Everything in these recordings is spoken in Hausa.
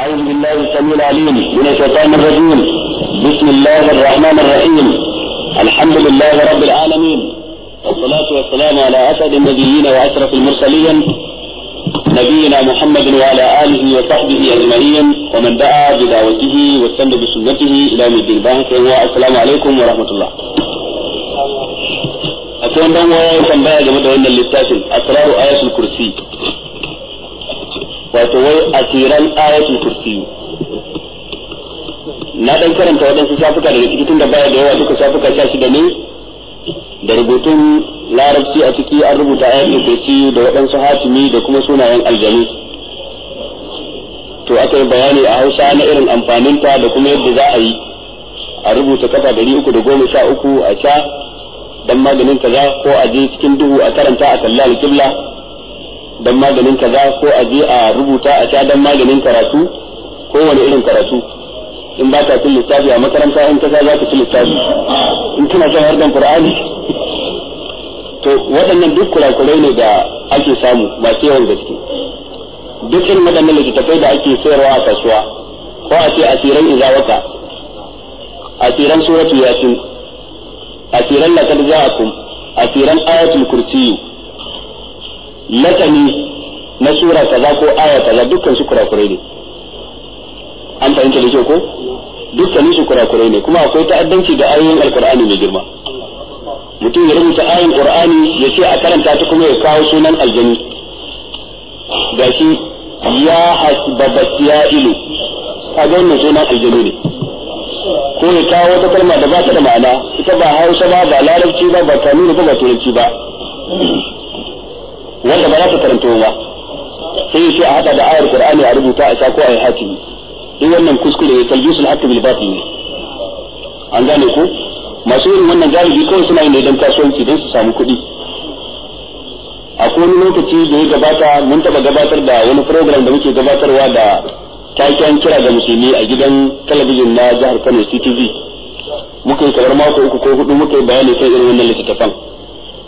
أعوذ بالله السميع العليم من الشيطان الرجيم بسم الله الرحمن الرحيم الحمد لله رب العالمين والصلاة والسلام على أسد النبيين وأشرف المرسلين نبينا محمد وعلى آله وصحبه أجمعين ومن دعا بدعوته واستنى بسنته إلى يوم الدين السلام عليكم ورحمة الله أكون دعوة تنبأ جمد عند التاسم أسرار آية الكرسي wato wai asiran ayatul kursi na dan karanta waɗansu shafuka daga cikin tunda baya da yawa duka shafuka sha shida ne da rubutun larabci a ciki an rubuta ayatul kursi da waɗansu hatimi da kuma sunayen aljanu to aka yi bayani a hausa na irin amfanin ta da kuma yadda za a yi a rubuta kafa dari uku da goma sha uku a sha dan maganin kaza ko a je cikin duhu a karanta a kalli alƙibla dan maganin kaza ko a je a rubuta a sha dan maganin karatu ko wani irin karatu in ba ta cin lissafi a makaranta in kasa za ta cin lissafi in kina shan harkan qur'ani to waɗannan duk kurakurai ne da ake samu masu yawan gaske duk irin waɗannan littattafai da ake sayarwa a kasuwa ko a ce asiran izawaka asiran suratu yasin asiran lakad a asiran ayatul kursiyyu lakani na sura kaza ko aya kaza dukkan su kurakurai ne an fahimta da kyau ko dukkanin su kurakurai ne kuma akwai ta'addanci da ayoyin alkur'ani mai girma mutum ya rubuta ayin qur'ani ya ce a karanta ta kuma ya kawo sunan aljani ga shi ya hasbabat ya ilu a ga wannan sunan aljani ne ko ya kawo wata kalma da ba ta da ma'ana ita ba hausa ba ba larabci ba ba kanuni ba ba turanci ba za ka karanto ba sai sai a hada da ayar qur'ani a rubuta a sako ayi hatimi in wannan kuskure ya talbisul haqqi bil batil ne an gane ko masu yin wannan galibi kawai suna yin don kasuwanci don su samu kuɗi a wani lokaci da ya gabata mun taba gabatar da wani program da muke gabatarwa da taken kira ga musulmi a gidan talabijin na jihar Kano CTV muka yi kamar mako uku ko hudu muka yi bayani kan irin wannan littattafan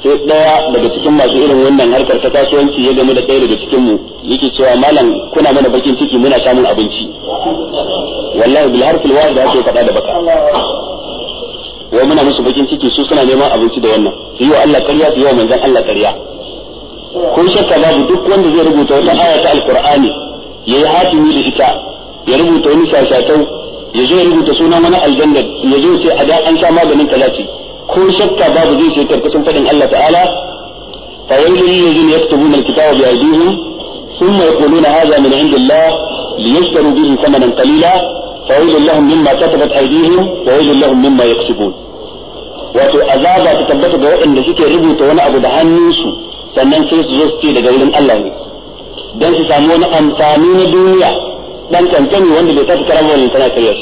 sai ɗaya daga cikin masu irin wannan harkar ta kasuwanci ya game da ɗaya daga cikin mu yake cewa malam kuna mana bakin ciki muna samun abinci wallahi bil harfil wahid da ake da baka wai muna musu bakin ciki su suna neman abinci da wannan su yi wa Allah ƙarya su yi wa manzon Allah ƙarya kun shakka babu duk wanda zai rubuta wata aya ta alqur'ani yayi hatimi da ita ya rubuta wani shashatau ya zo ya rubuta sunan wani aljanna ya zo sai a da an sha maganin kaza ce ko shakka babu zai ce karkashin fadin Allah ta'ala fa wailul ladzina yaktubuna alkitaba bi aydihim thumma yaquluna hadha min indillah liyashtaru bihi thamanan qalila fa wailul lahum mimma katabat aydihim wa wailul lahum mimma yaksubun wato azaba ta tabbata ga waɗanda suke rubuta wani abu da hannunsu sannan sai su zo su ce daga wurin Allah ne dan su samu wani amfani na duniya dan kankani wanda bai tafi karamar tana karyar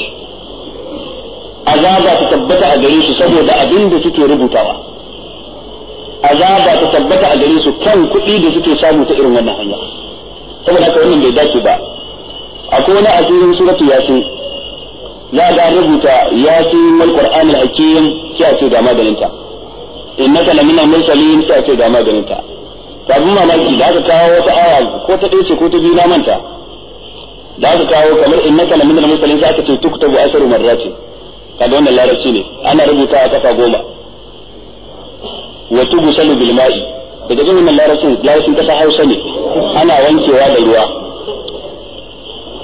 azaba ta tabbata a gare su saboda abin da suke rubutawa azaba ta tabbata a gare su kan kuɗi da suke samu ta irin wannan hanya saboda haka wannan bai dace ba akwai wani asirin suratu yasin za ya ga rubuta yasin mal qur'an al hakim sai a ce ga maganinta innaka lamina mursalin sai a ce ga maganinta ta abin mamaki da aka kawo wata aya ko ta ɗaya ce ko ta biyu na manta da aka kawo kamar innaka lamina mursalin sai aka ce tuktabu asaru marratin kada wannan larabci ne ana rubuta a kafa goma wa tubu salu bil ma'i daga jin wannan larabcin larabcin kasa Hausa ne ana wankewa da ruwa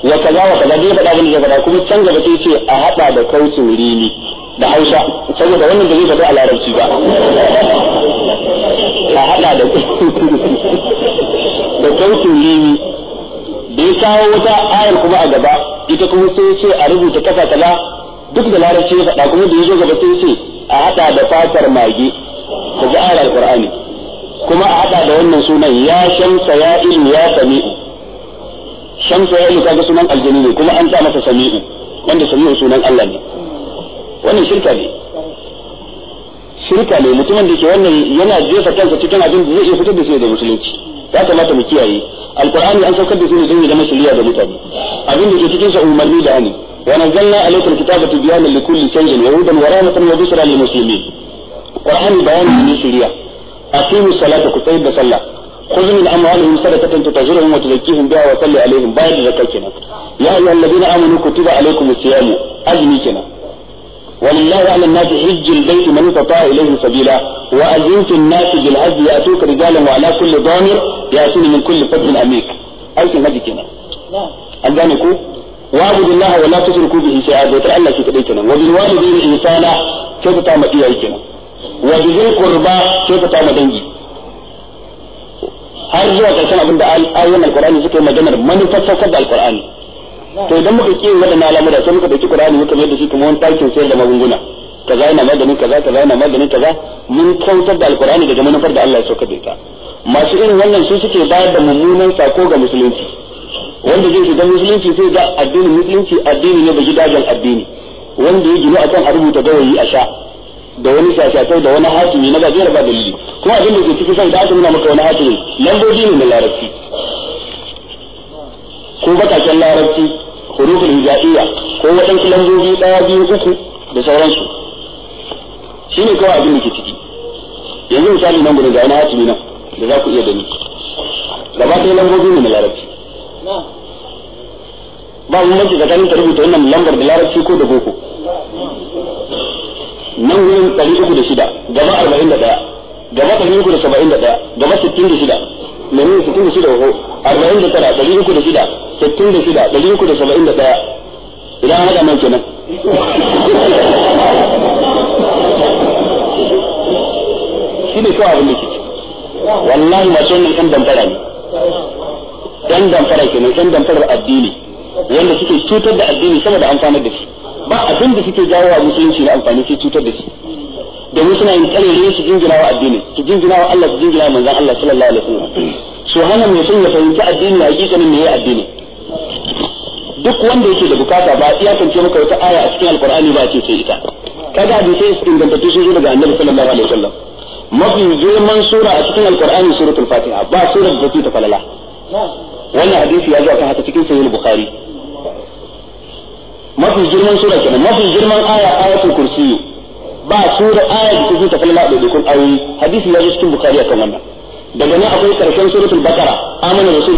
wa kaza wa kaza dai faɗa bane da kuma can gaba sai ce a hada da kaucin rini da Hausa saboda wannan da zai faɗa a larabci ba a hada da da kaucin rini da ya kawo wata ayar kuma a gaba ita kuma sai ce a rubuta kafa kaza duk da larabci ya faɗa kuma da ya zo gaba sai ce a haɗa da fatar mage ka ji ayar alƙur'ani kuma a haɗa da wannan sunan ya shamsa ya ilmi ya sami'u shamsa ya ilmi kaga sunan aljani ne kuma an sa masa sami'u wanda sami'u sunan Allah ne wannan shirka ne shirka ne mutumin da ke wannan yana jefa kansa cikin abin da zai iya fitar da shi da musulunci ya kamata mu kiyaye alqur'ani an saukar da shi ne don ya zama shiriya da mutane abin da ke cikin sa umarni da ani. ونزلنا عليكم كتابة تبيانا لكل شيء يهودا ورامة وبشرا للمسلمين قرآن بيان في سوريا أقيموا الصلاة كتاب طيب، صلى خذ من أموالهم صدقة تطهرهم وتزكيهم بها وصل عليهم بعد زكاة يا أيها الذين آمنوا كتب عليكم الصيام أجني كنا ولله على الناس حج البيت من استطاع إليه سبيلا وأذن في الناس بالحج يأتوك رجالا وعلى كل ضامر يأتون من كل فج عميق أي في هذه كنا نعم. أن wa'budu Allah wa la tushriku bihi shay'a bautar Allah shi kadai kenan wa bil walidayni ihsana kyautata ma iyaye kenan wa bil qurba ma dangi har zuwa karshen abin da ayoyin alqur'ani suka yi maganar manufar sassar da Alƙurani. to idan muka ki wadannan al'amura sai muka ɗauki ƙurani muka mai da shi kuma wani takin sayar da magunguna kaza yana maganin kaza kaza yana maganin kaza mun kautar da Alƙurani daga manufar da Allah ya saukar da ita masu irin wannan su suke bayar da mummunan sako ga musulunci wanda zai shiga musulunci sai ga addinin musulunci addini ne da gidajen addini wanda ya gina akan a rubuta gawayi a sha da wani shashatai da wani hatimi na gajiyar ba dalili kuma abin da ke cikin san da aka nuna maka wani hatimi lambobi ne na larabci ko bakaken larabci hurufin hijaiya ko waɗansu lambobi ɗaya biyu uku da sauransu shi ne kawai abin da ke ciki yanzu misali nan gudun ga wani hatimi nan da za ku iya gani gaba ɗaya lambobi ne na larabci ba mu mace tsakanin ka rubuta wannan lambar da larabci ko da boko nan wurin ɗari uku da shida gaba arba'in da ɗaya gaba ɗari uku da saba'in da ɗaya gaba sittin da shida menene sittin da shida ko arba'in da tara ɗari uku da shida sittin da shida ɗari uku da saba'in da ɗaya idan haɗa man kenan shi ne kawai abin da ke wallahi masu wannan ɗan dantara ne yan damfara kenan yan damfarar addini wanda suke cutar da addini sama da amfanar da shi ba abin da suke jawo wa musulunci na amfani sai cutar da shi domin suna yin kalere su jingina wa addini su jingina wa Allah su jingina wa manzon Allah sallallahu alaihi wasallam so hana mai son ya fahimci addini hakikanin me ya addini duk wanda yake da bukata ba iya kance maka wata aya a cikin alqur'ani ba ce sai ita kaga hadisai su ingantattu sun zo daga annabi sallallahu alaihi wasallam mafi girman sura a cikin alqur'ani suratul fatiha ba surar da ta falala wannan hadisi ya zo kan haka cikin sahih bukhari mafi girman sura kenan mafi girman aya ayatul kursiyu ba sura aya da kuke ta kalla da dukkan ayoyi hadisi ya zo cikin bukhari akan wannan daga nan akwai karshen suratul baqara amana rasul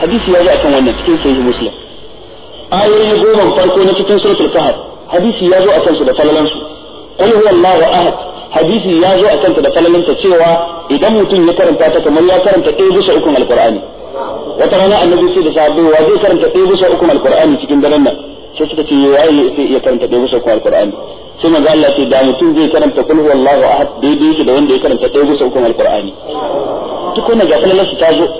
hadisi ya zo akan wannan cikin sahih muslim ayoyi goma farko na cikin suratul kahf hadisi ya zo akan su da falalan su qul huwallahu ahad hadisi ya zo akan ta da falalan ta cewa idan mutum ya karanta ta kamar ya karanta ɗaya bisa ukun alqur'ani wata rana annabi sai da sahabbai wa zai karanta ɗaya bisa ukun alqur'ani cikin daren nan sai suka ce waye sai iya karanta ɗaya bisa ukun alqur'ani sai manzo Allah ce da mutum zai karanta qul huwallahu ahad daidai shi da wanda ya karanta ɗaya bisa ukun alqur'ani duk wannan ga falalan su ta zo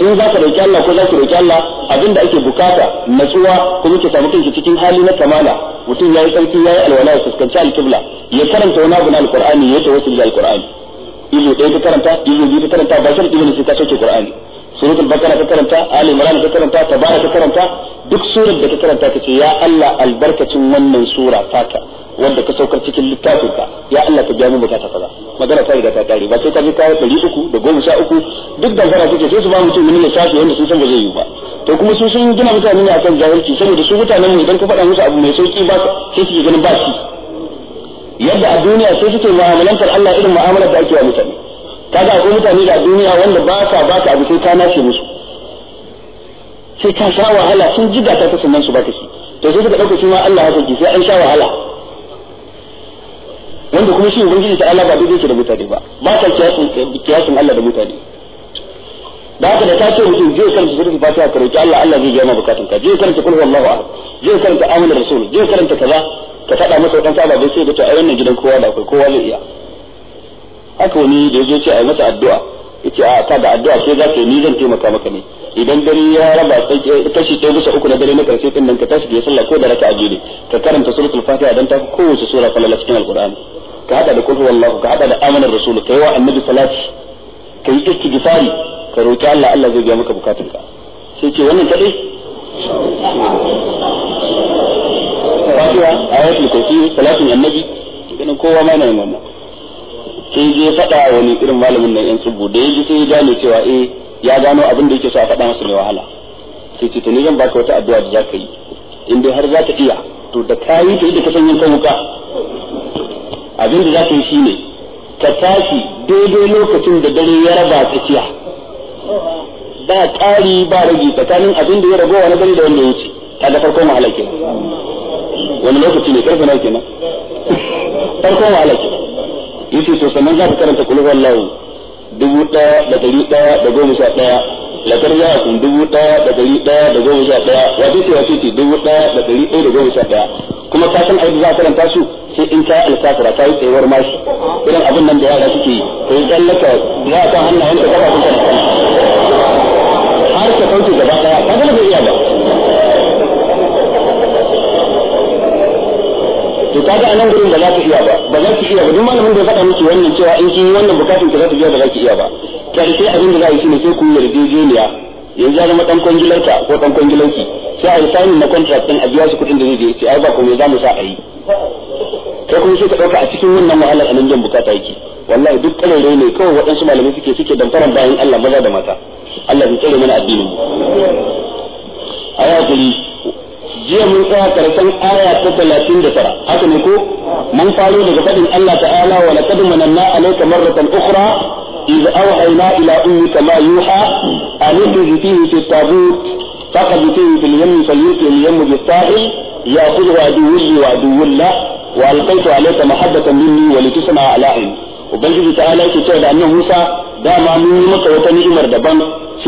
in za ka roki Allah ko za ki roki Allah abinda ake bukata natsuwa kuma ki samu kanki cikin hali na kamala mutum yayi sarki yayi alwala ya fuskanci alqibla ya karanta wani abu na qur'ani ya tawassul da qur'ani. izo ɗaya ka karanta izo biyu ka karanta ba sharadi ne sai ka soke qur'ani suratul bakara ka karanta ali imran ka karanta tabara ka karanta duk surar da ka karanta ka ce ya Allah albarkacin wannan sura taka wanda ka saukar cikin littafinka ya Allah ka biya mu bukata kaza magana ta riga ta kare ba sai ka je ka ɗari uku da goma uku duk da zara suke sai su ba mutum wani lissafi yadda sun san ba zai yi ba to kuma su sun gina mutane ne akan jahilci saboda su mutanen mu idan ka faɗa musu abu mai sauki ba sai suke ganin ba shi yadda a duniya sai suke mu'amalantar Allah irin mu'amalar da ake wa mutane kaga akwai mutane da a duniya wanda ba ka ba ka abu sai ka nace musu sai ka sha wahala sun jiga ta sannan su ba ka shi to sai suka ɗauka shi ma Allah haka ki sai an sha wahala wanda kuma shi ubangiji ta Allah ba daidai ke da mutane ba ba ta kiyasin kiyasin Allah da mutane da haka da ta ce mutum je karanta suratul fatiha ka roki Allah Allah zai biya ma bukatun ka je karanta kulhu Allahu ahad je karanta amana rasul je karanta kaza ka faɗa masa wadansu ababai sai da to a wannan gidan kowa da akwai kowa zai iya haka wani da ya ce a yi masa addu'a yace a ta da addu'a sai za ka ni zan taimaka maka ne idan dare ya raba kashi ɗaya bisa uku na dare na karshe din nan ka tashi da sallah ko da raka a jere ka karanta suratul fatiha dan ta kowace sura falala cikin alqur'ani ka hada da kulhu wallahu ka hada da amanar rasul kai wa annabi salati kai istighfari ka roki Allah Allah zai biya maka bukatunka sai ce wannan kadai fatiha ayatul kursi salatin annabi ganin kowa ma yana yin wannan sai je faɗa wani irin malamin nan yan tsubu da ya ji sai ya gane cewa eh ya gano abin da yake so a faɗa masa mai wahala sai ce to zan baka wata addu'a da ka yi in dai har za ka iya to da ka yi ta yadda ka san yin kawuka abin da za ka yi shine ka tashi daidai lokacin da dare ya raba tsakiya ba ƙari ba rage tsakanin abin da ya ragowa na gani da wanda ya wuce kaga farko mahala wani lokaci ne karfe ke kenan farko mahala kenan yace to sannan za ka karanta kullu wallahu dubu ɗaya da dari ɗaya da goma sha ɗaya lakar ya kun dubu ɗaya da dari ɗaya da goma sha ɗaya wace ce wace ce dubu ɗaya da dari ɗaya da goma sha ɗaya kuma ka san aiki za ka karanta su sai in ka alkafira ta yi tsayuwar mashi irin abin nan da yara suke yi to yi tsallaka za a kan hannayen da kafa ta. gaba daya ka ga iya ba to kaga a nan gurin ba za ku iya ba ba za ku iya ba duk malamin da ya faɗa miki wannan cewa in kin wannan bukatun ki za ku iya ba za ki iya ba karshe abin da za a yi shine sai ku yarjejeniya yanzu ya zama dan kwangilarka ko dan kwangilanki sai a yi sanin na contract din a biya shi kuɗin da zai je sai ai ba komai za mu sa a yi kai kuma sai ka ɗauka a cikin wannan wahalar anan jan bukata yake wallahi duk kalarai ne kawai waɗansu malamai suke suke damfaran bayan Allah maza da mata Allah bai tsare mana addinin mu a من jiya mun tsaya karshen aya ta talatin da tara haka ne ko mun faro daga faɗin Allah ta'ala wa laqad mananna alayka marratan ukhra إذ أوحينا إلى أمك ما يوحى أن اخرج فيه في التابوت فقد فيه في اليم فليلقي اليم بالساحل يأخذ عدو لي وعدو له وألقيت عليك محبة مني ولتسمع على عيني وبنجي تعالى كتاب أن موسى دام من مكة وتنجمر دبان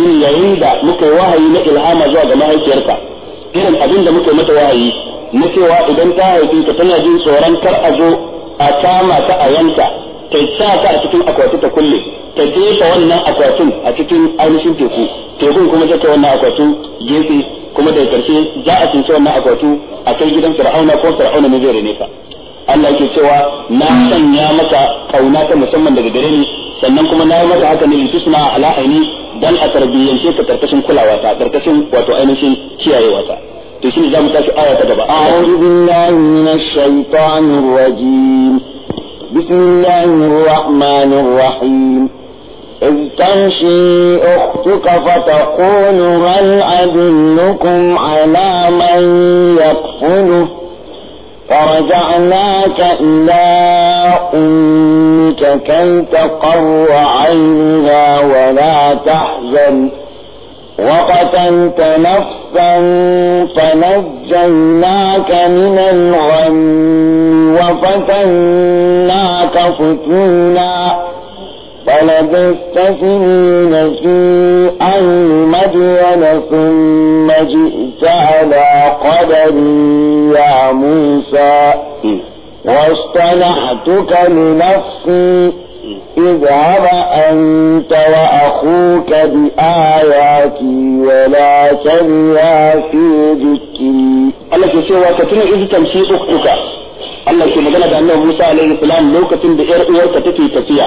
shine yayin da muka yi wahayi na ilhama zuwa ga mahaifiyarka irin abin da muka mata wahayi na cewa idan ta haifi ta tana jin tsoron kar a zo a kama ta a yanka ta sa ta a cikin akwati ta kulle ta jefa wannan akwatin a cikin ainihin teku tekun kuma ta wannan akwatu gefe kuma da karshe za a tsinci wannan akwatu a kai gidan fir'auna ko fir'auna na zai rene ka Allah yake cewa na sanya maka kauna ta musamman daga gare ni sannan kuma na yi maka haka ne litusna ala aini dan a tarbiyyance ka karkashin kulawa ta karkashin wato ainihin kiyayewa ta to shine zamu tashi aya ta gaba a'udhu billahi minash shaitanir rajim bismillahir rahmanir rahim إذ تمشي أختك فتقول هل أدلكم على من يكفله فرجعناك إلى أم نفسك كي تقر عينها ولا تحزن وقتلت نفسا فنجيناك من الغم وفتناك فتونا فلبثت سنين في أهل مدين ثم جئت على قدري يا موسى واصطنعتك لنفسي اذهب أنت وأخوك بآياتي ولا تنيا في ذكري الله كسوى كتنا إذ تمشي أختك الله كما قال أنه موسى عليه السلام لو كتن بإر إيرك تفي تفيا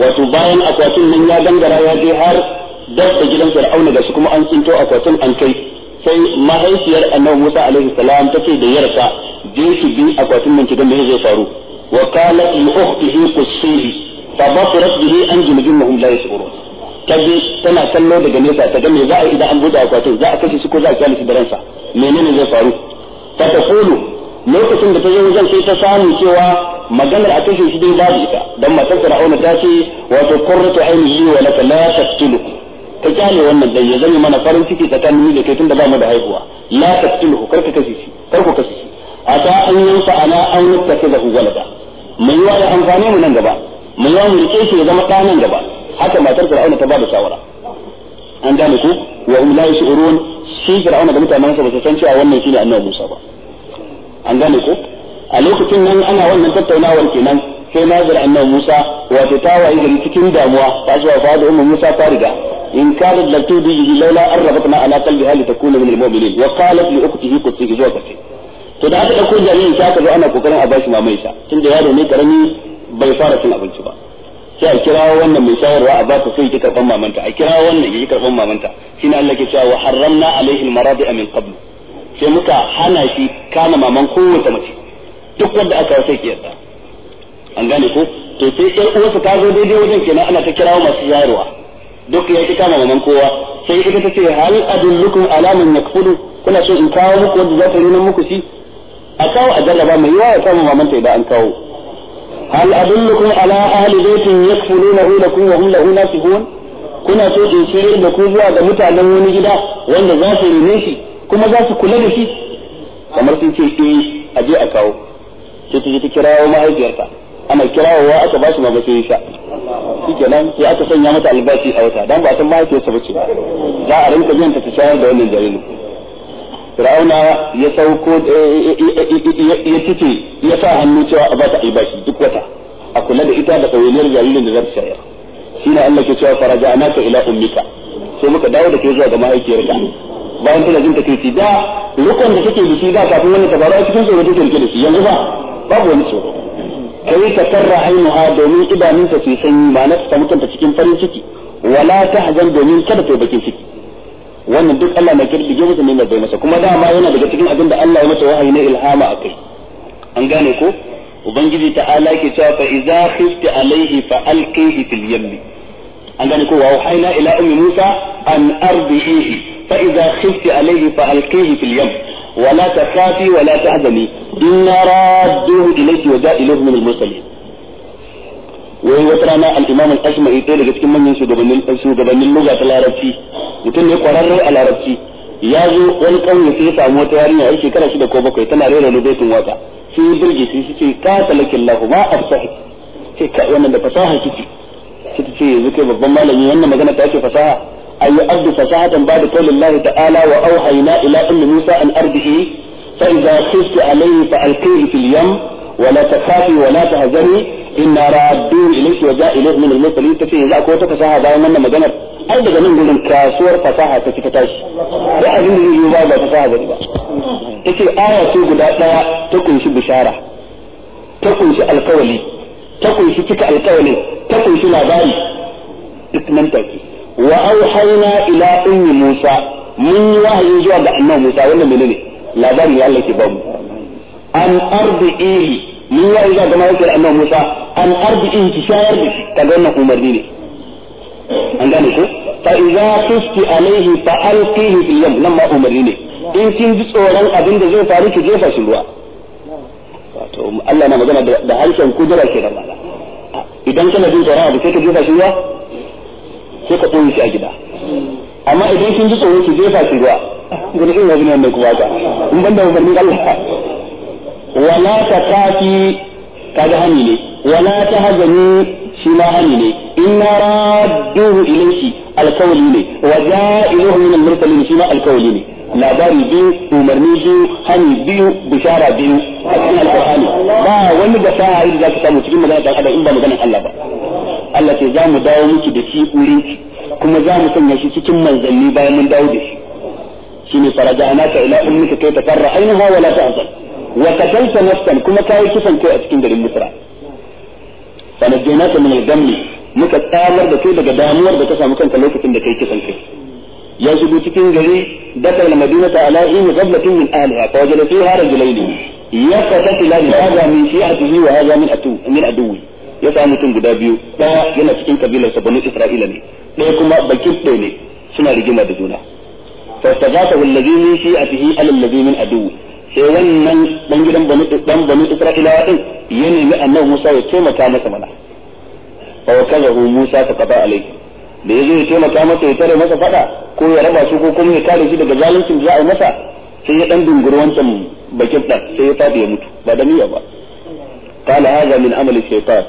وتباين أكواتن من يا دنجر يا جهار دفت جلن فرعون لشكم أن أنتو أكواتن أنكي sai mahaifiyar annabi Musa alaihi salam take da yarsa je ki bi akwatin nan ki dan me zai faru wa qalat li ukhtihi qussihi fa basirat bihi an junubihum la yashurun ta bi tana kallo daga nesa ta ga me za a idan an buɗe akwatin za a kashe shi ko za a kyale shi da ransa menene zai faru ta fa taqulu lokacin da ta yi wajen sai ta samu cewa maganar a kashe shi dai babu ita dan matar fir'auna ta ce wato qurratu ainihi wa laka la taqtulu ka kyale wannan dai ya zama mana farin ciki tsakanin ni da kai tunda ba mu da haihuwa la taqtulu karka kashe shi karku kashe ata an yansa ala an yattakhidhu walada mun yi da amfani mu nan gaba mun yi rike shi ya zama ɗanan gaba haka matar fir'auna ta ba da shawara an gane ku wa hum la yashurun shi fir'auna da mutanen sa ba su san cewa wannan shine annabi Musa ba an gane ku a lokacin nan ana wannan tattaunawar kenan sai nazar annabi Musa wato ta wayi gari cikin damuwa ta zuwa fa da ummu Musa ta riga in kanat la tudi laula arrabatna ala qalbiha litakuna min almu'minin wa qalat li ukhtihi qutihi zawjati to da aka dauko jaririn sai aka zo ana kokarin a bashi mamai sa tunda yaro ne karami bai fara cin abinci ba sai a kirawo wannan mai shayarwa a bata sai ki karban mamanta a kirawo wannan ki karban mamanta shine Allah ke cewa wa haramna alaihi almaradi min qabl sai muka hana shi kama maman kowace mace duk wanda aka sai ki yarda an gane ko to sai ƴar uwarsa ta zo daidai wajen kenan ana ta kirawo masu shayarwa duk ya ki kama maman kowa sai ita ta ce hal adullukum ala man yakfulu kuna so in kawo muku wanda za ta nuna muku shi a kawo a jarraba mai yawa ya samu mamanta idan an kawo hal adullukum ala ahli baitin yakfulunahu lakum wa hum lahu nasihun kuna so in shiryar da ku zuwa ga mutanen wani gida wanda za su rene shi kuma za su kula da shi kamar sun ce eh a je a kawo sai ta je ta kirawo mahaifiyarta ana kirawowa aka ba shi ma bace sha shikenan sai aka sanya mata albashi a wata dan ba san mahaifiyarsa bace za a rinka jin ta ta shayar da wannan jaririn fir'auna ya sauko eh, eh, eh, ya tice ya sa hannu cewa a ba ta albashi duk wata a kula da ita da kawainiyar jaririn da za ta shayar shine Allah ke cewa faraja anaka ila ummika sai muka dawo da ke zuwa ga mahaifiyarka bayan tana jin takeici da rukun da take da shi da kafin wani tabaru a cikin tsoro take rike da shi yanzu ba babu wani tsoro kai ka tarra ainuha domin idanunta su sanyi ma na ta mutunta cikin farin ciki wala ta hazan domin kada ta bakin ciki wannan duk Allah na kirdige mutum ne bai masa kuma dama yana daga cikin abin da Allah ya masa wahayi na ilhama akai an gane ko ubangiji ta'ala ke cewa fa iza khifti alaihi fa alqihi fil yammi an gane ko wa wahayna ila ummi musa an ardihi fa iza khifti alaihi fa alqihi fil yam la tahzani inna radduhu إنا wa إليك min al-muslimin wai wata rana al-imam al-ashma'i ɗaya daga cikin manyan shugabannin shugabannin lugha ta larabci mutum ne kwararre a larabci ya zo wani ƙauye sai ya samu wata yarinya ai shekara shida ko bakwai tana rera ne baitin waka sai ya birge shi shi ce ka talakin lahu ma absahi sai ka wannan da fasaha kike sai ta ce yanzu kai babban malami wannan magana ta ce fasaha ayu abdu fasahatan ba da kaulin lahi ta'ala wa auhayna ila ummi musa an ardihi fa idza khifti alayhi fa alqihi fil yam wa la takhafi wa la tahzani inna raddun ilayka wa ja'ilun min al-mursalin tace yanzu akwai wata fasaha bayan wannan maganar. ai daga nan gurin kasuwar fasaha ta fita tashi da abin da yake ba fasaha bane ba tace aya ce guda daya ta kunshi bishara ta kunshi alkawali ta kunshi cika alkawali ta kunshi labari duk nan take wa auhayna ila ummi musa mun yi wahayi zuwa ga annabi musa wannan menene labari ya Allah ke ba mu an ardi ili mun yi wahayi zuwa ga mahaifiyar annabi musa al'ardi in ki shayar da shi kaga wannan umarni ne an gane ko fa iza tusti alaihi fa alqihi fil yam nan ma umarni ne in kin ji tsoron abin da zai faru ki jefa shi ruwa wato Allah na magana da harshen kudura ke da mala idan kana jin tsoron abin sai ka jefa shi ruwa sai ka tsoye shi a gida amma idan kin ji tsoron ki jefa shi ruwa gudu in yanzu ne mai kuma ka in banda umarnin Allah wala ta kafi kaga hani ne wala tahzanu shi ma hani ne inna radduhu ilayhi alkawli ne wa ja'iluhu min al-mursalin shi ma alkawli ne labari biyu umarni biyu hani biyu bishara biyu a cikin alkur'ani ba wani da sa yi zaka samu cikin magana dan adam in ba maganar Allah ba Allah ce za mu dawo miki da shi wurin kuma za mu sanya shi cikin manzanni bayan mun dawo da shi shine ta ila ummika kai tafarra ainaha wala tahzan wa katalta nafsan kuma kayi kisan kai a cikin garin misra fa na min al-ghammi muka tsamar da kai daga damuwar da ta samu kanka lokacin da kai kisan kai ya shigo cikin gari dakar na ta ala in qablatin min ahliha fa wajada fiha rajulayn yaqtatilani hadha min shi'atihi wa hadha min atu min aduwi ya samu mutum guda biyu daya yana cikin kabilar sa banu isra'ila ne daya kuma bakif ne suna rigima da juna fa tagata wallazi min shi'atihi alal min aduwi sai wannan dan gidan banu dan banu Isra'ilawa din ya nemi annabi Musa ya taimaka masa mana fa wakazahu Musa ta qada alai da yazo ya taimaka masa ya tare masa fada ko ya raba su ko kuma ya kare shi daga zaluncin da za a yi masa sai ya dan dunguri wancan bakin dan sai ya fadi ya mutu ba da niyya ba qala hadha min amali shaytan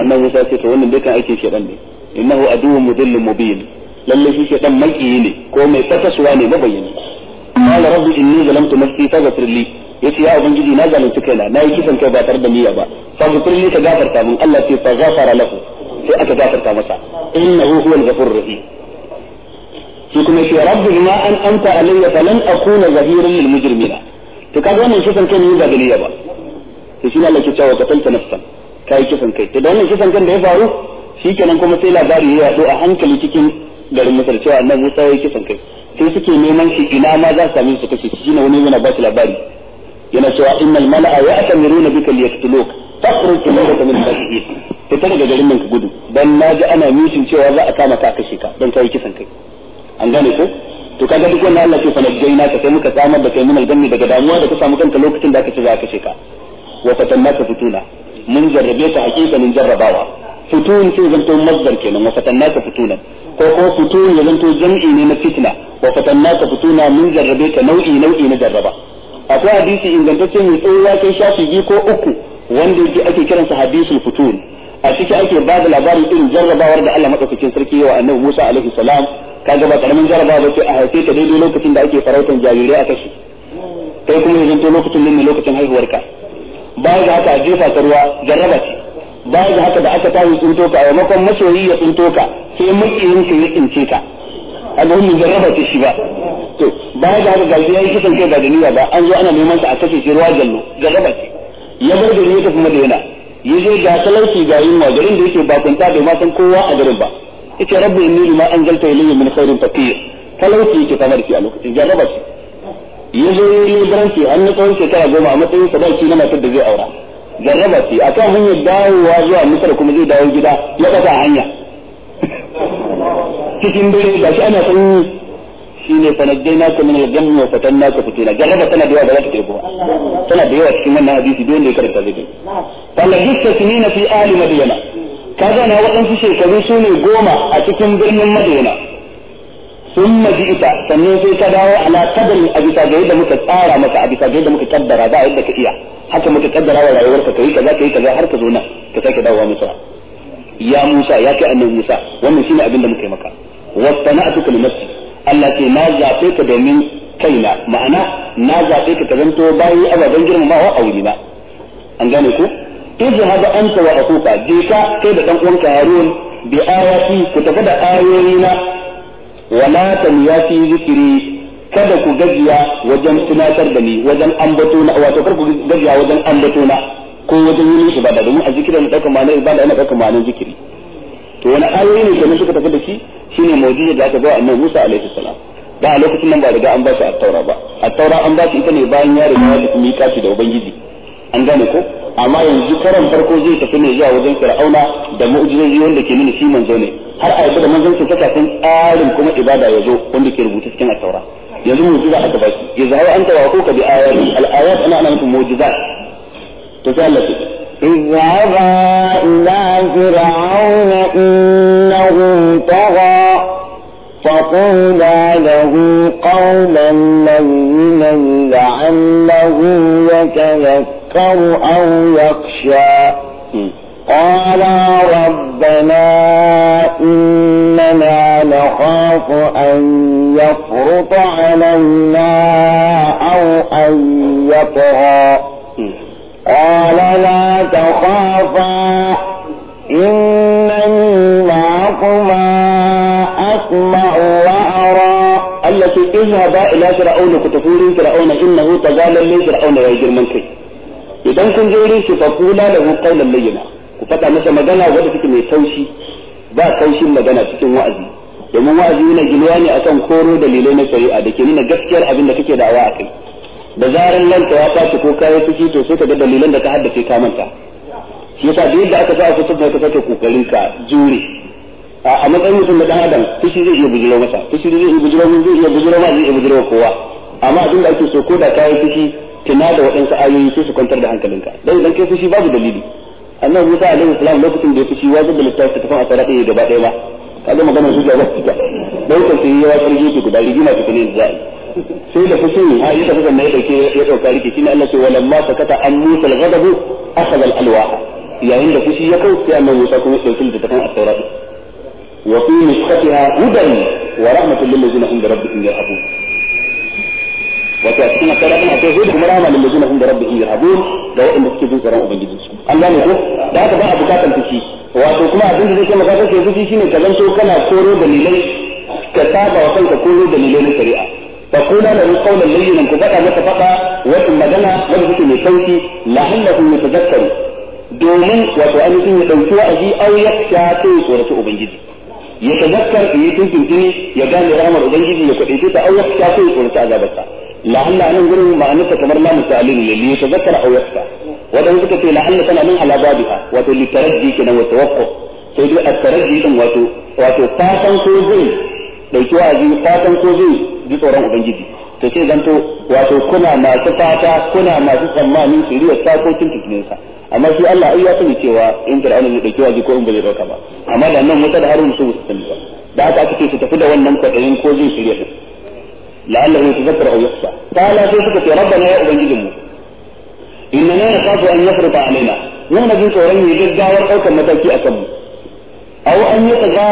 annabi Musa ya ce to wannan dai kan aikin shedan ne innahu aduwwun mudillun mubin lalle shi shedan makiyi ne ko mai fataswa ne mabayyani qala rabbi inni zalamtu nafsi faghfir li yace ya ubangiji na zalunci kaina nayi kisan kai ba tare da niyya ba faghfir li ka gafarta min Allah ce fa ghafara lahu sai aka gafarta masa innahu huwal ghafurur rahim shi kuma ce rabbi bima an anta alayya falan akuna zahiran lil mujrimina to kaga kisan kai ne da niyya ba to shi ne Allah ke cewa qatalta nafsan kai kisan kai to da wannan kisan kan da ya faru shikenan kuma sai labari ya yaɗo a hankali cikin garin Masar cewa annabi Musa ya kisan kai sai suke neman shi ina ma za su same su kashe shi shine wani yana ba shi labari yana cewa innal mala'a ya'tamiruna bika liyaqtuluk fakhruj ilayka min al ta fita daga garin nan ka gudu dan naji ana mitin cewa za a kama ka kashe ka dan kai kisan kai an gane ko to kaga duk wannan Allah ke fanajjaina ka sai muka samar da kai mun aljanni daga damuwa da ka samu kanka lokacin da aka ce za ka kashe ka wa fatannaka futuna mun jarrabe ka hakikanin jarrabawa futun sai zanto masdar kenan wa fatannaka futunan ko ko futun ya zanto jam'i ne na fitna wa fatannaka futuna mun jarrabe ka nau'i nau'i na jarraba akwai hadisi ingantacce mai tsawo ya kai shafi biyu ko uku wanda yake ake kiransa hadisul futun a ciki ake ba da labarin irin jarrabawar da Allah madaukakin sarki yawa annabi Musa alaihi salam ga ba karamin jarrabawa bace a haife ka daidai lokacin da ake farautan jarirai a kashi kai kuma ya zanto lokacin ne lokacin haihuwarka Ba da haka a jefa ta ruwa jarraba ce baya ga haka da aka tashi tsinto ka a makon masoyi ya tsinto ka sai makiyin ka ya tsince ka a ga mun jarraba ce shi ba to baya da haka gaji yayi kisan kai ba da niyya ba an zo ana neman sa a kashe shi ruwa jallo jarraba ce ya bar gari ya tafi madaina ya je ga talauci ga yunwa garin da yake bakunta kunta bai ma san kowa a garin ba yace rabbi inni lima anzalta ilayya min khairin faqir talauci yake ki a lokacin jarraba ce ya zo ya yi garanti an na tsawon shekara goma a matsayin sadaki na matar da zai aura jarraba ce a kan hanyar dawowa zuwa misar kuma zai dawo gida ya kasa hanya cikin dare ga shi ana sanyi shi ne sanadai na kuma ne gan mu fatan na ka fitila jarraba tana da yawa da za ta kirgo tana da yawa cikin wannan hadisi dole ya karanta zai falla hissa sinina fi ali madiyana ka gana waɗansu shekaru su ne goma a cikin birnin madiyana ثم جئت sannan sai ka dawo ala kadari a bisa ga yadda muka tsara maka a bisa ga yadda muka kaddara za a yadda ka iya haka muka kaddara wa rayuwarka kai kaza kai kaza har ka zo nan ka sake dawowa musa ya Musa ya kai annabi Musa wannan shine abin da muka yi maka wasana'atuka li nafsi Allah ce na zabe ka domin kaina ma'ana na zabe ka zanto bayi ababen girmamawa a wuri ba an gane ku izhab anta wa akuka je ka kai da dan uwanka Harun bi ayati ku tafi da ayoyina wala tamyati zikri kada ku gajiya wajen tunatar da ni wajen ambato na wato kar ku gajiya wajen ambato na ko wajen yin ibada domin a zikiri na ɗaukar ma'anar ibada yana dauka ma'anar zikiri to wani ayoyi ne kenan suka tafi da shi shine mu'jiza da aka ga annabi Musa alaihi salam da a lokacin nan ba riga an ba shi at-taura ba at-taura an ba shi ita ne bayan ya riga ya mika shi da ubangiji an gane ko amma yanzu karan farko zai tafi ne zuwa wajen fir'auna da mu'jizoji wanda ke nuna shi manzo ne har a yi da manzon sa ta tsarin kuma ibada ya zo wanda ke rubuta cikin at-taura يلزم وجود أحد تفاصيل إذا أنت وأخوك بآيات الآيات أنا أنا معجزات تسأل لك اذهبا إلى فرعون إنه طغى فقولا له قولا لينا لعله يتذكر أو يخشى قالا ربنا إننا نخاف أن يفرط علينا أو أن يطغى قال لا تخافا إنني معكما أسمع وأرى التي اذهبا إلى فرعون كتفوري فرعون إنه تزال لي فرعون ويجر منك إذا كنت جيري شفقولا له قولا لينا ku faɗa masa magana wadda take mai taushi ba taushin magana cikin wa'azi domin wa'azi yana ginuwa ne akan koro dalilai na shari'a da ke nuna gaskiyar abin da kake da'awa a kai da zaran lanta ya tashi ko kayan fushi to sai ka ga dalilan da ka haddace ka manta shi yasa da yadda aka sa a kusa ka kake kokarin ka jure a matsayin mutum da dan adam fushi zai iya bujiro masa fushi zai iya bujiro mun zai iya bujiro ma zai iya bujiro kowa amma abin da ake so ko da kayan fushi tuna da waɗansu ayoyi sai su kwantar da hankalinka dan idan kai fushi babu dalili أن موسى عليه السلام لو كنت بيكي شي واجب للتوسط تفهم أطراقه يجب عليها قال له مقامة شجع وقتك بيكي شيء واجب يجيبك بل يجينا في كنين الزائل سيدة فسوه ها يجب أن يجب أن يجب أن يجب أن يجب ولما سكت أن موسى الغضب أخذ الألواح يعين ده فسي يكو في أن موسى كنت بيكي شيء تفهم أطراقه وفي نسختها هدى ورحمة للذين عند ربهم يرحبون وتأتينا الطريقين أتوهدهم رحمة للذين عند ربهم يرحبون ga waɗanda suke jin tsoron ubangiji su Allah ne ko da haka ba a bukatar fushi wato kuma abin da zai kai maka kake fushi shine ka zanto kana koro dalilai ka saba wa kanka koro dalilai na shari'a fa kula da qawlan layyinan ku faɗa masa faɗa wata magana wanda take mai sauki la'allahu yatadhakkaru domin wato ainihin ya dauki wa'azi au yaksha ta tsorata ubangiji ya tazakkar ya tuntuntuni ya gane rahmar ubangiji ya kwadace ta au yaksha ta tsorata azabarsa la'alla nan gurin ma'anarsa kamar la misalin ne li yatadhakkara aw yasfa wadan suka ce la'alla tana nan ala babiha wato li taraddi kenan wa tawaqqu sai dai at-taraddi din wato wato fatan ko zai dauki wa'azi fatan ko zai ji tsoron ubangiji to sai zanto wato kuna masu fata kuna masu tsammani su riya sakokin tukuninsa amma shi Allah ai ya sani cewa in fir'auna ne dauki waje ko in ba dauka ba amma da nan wuta da harun su su ba da aka ake ce su tafi da wannan kwadayin ko zai shirya din la'allahu yatadhakkaru aw yakhsha qala sai suka ce rabbana ya ubangijinmu innana nakhafu an yafruta alaina muna jin tsoron yi gaggawar ɗaukar mataki a kanmu aw an yi kaza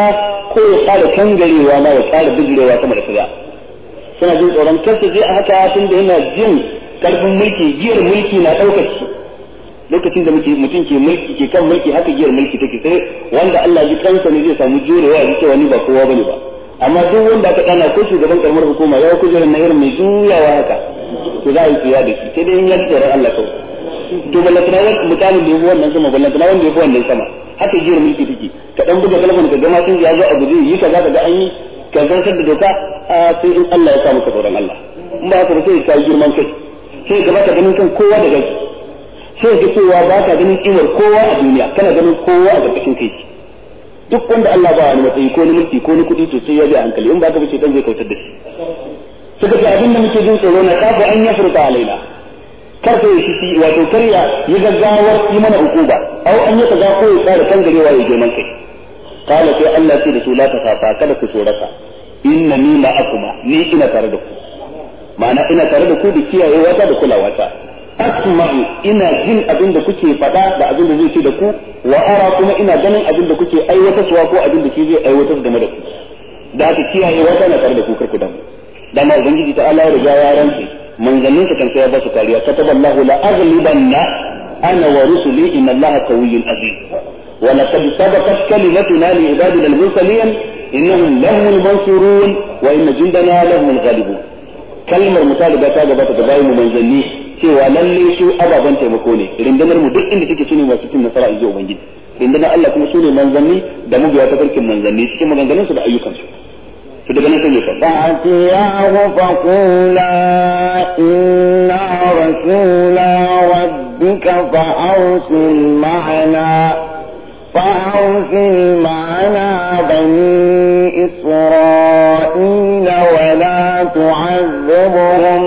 ko ya fara kangarewa ma ya fara bijirewa sama da kaza suna jin tsoron kar su je a haka tun da yana jin karfin mulki giyar mulki na ɗaukar shi lokacin da mutum ke mulki ke kan mulki haka giyar mulki take sai wanda Allah ji kansa ne zai samu jure ya ce wani ba kowa bane ba amma duk wanda aka dana ko shugaban karamar hukuma ya kujerar na irin mai juyawa haka to za a yi tsiya da shi sai dai in ya tsoron Allah kawai to ballantana wani misalin da ya fi wannan sama ballantana wanda ya fi wannan sama haka jiyar mulki take ka dan buga galban ka gama sun ya zo a guje yi kaza ka ga an yi ka zartar da doka a sai in Allah ya sa maka tsoron Allah in ba haka sai ka yi girman kai sai ka baka ganin kan kowa da gaske sai ka cewa ba ka ganin kimar kowa a duniya kana ganin kowa a ƙarƙashin kai duk wanda Allah ba wani matsayi ko ni mulki ko ni kudi to sai ya bi a hankali in ba ka bi shaitan zai kautar da shi suka ce abin da muke jin tsoro na kafa an ya furta alaina kar ka yi shi wato kar ya yi gaggawar yi mana hukuma au an ya kaza ko ya tsara kan garewa ya girman kai kala sai Allah ce da su la kada ku tsorata inna ni ma'akuma ni ina tare da ku ma'ana ina tare da ku da kiyayewa ta da kulawa ta asma'u ina jin abin da kuke faɗa da abin da zai ce da ku wa ara kuma ina ganin abin da kuke aiwatarwa ko abin da shi zai aiwatar game da ku da aka kiyaye wata na tare da ku karku damu da ma ubangiji ta Allah ya riga ya rantsi manzannin sa kansa ya ba su kariya kataballahu la aghlibanna ana wa rusuli inna allaha qawiyyun aziz wa laqad sabaqat kalimatuna li ibadina al-mursalin innahum lahumul mansurun wa inna jundana lahumul ghalibun kalmar mutalaba ta gabata da bayin manzanni cewa lalle su ababen taimako ne rindunar mu duk inda take shine masu cin nasara izo ubangiji rindunar Allah kuma sune manzanni da mu biya ta farkin manzanni cikin maganganun su da ayyukan su to daga nan sai ya fa fa qula inna rasula rabbika fa fa'awsil ma'ana فأرسل معنا بني إسرائيل ولا تعذبهم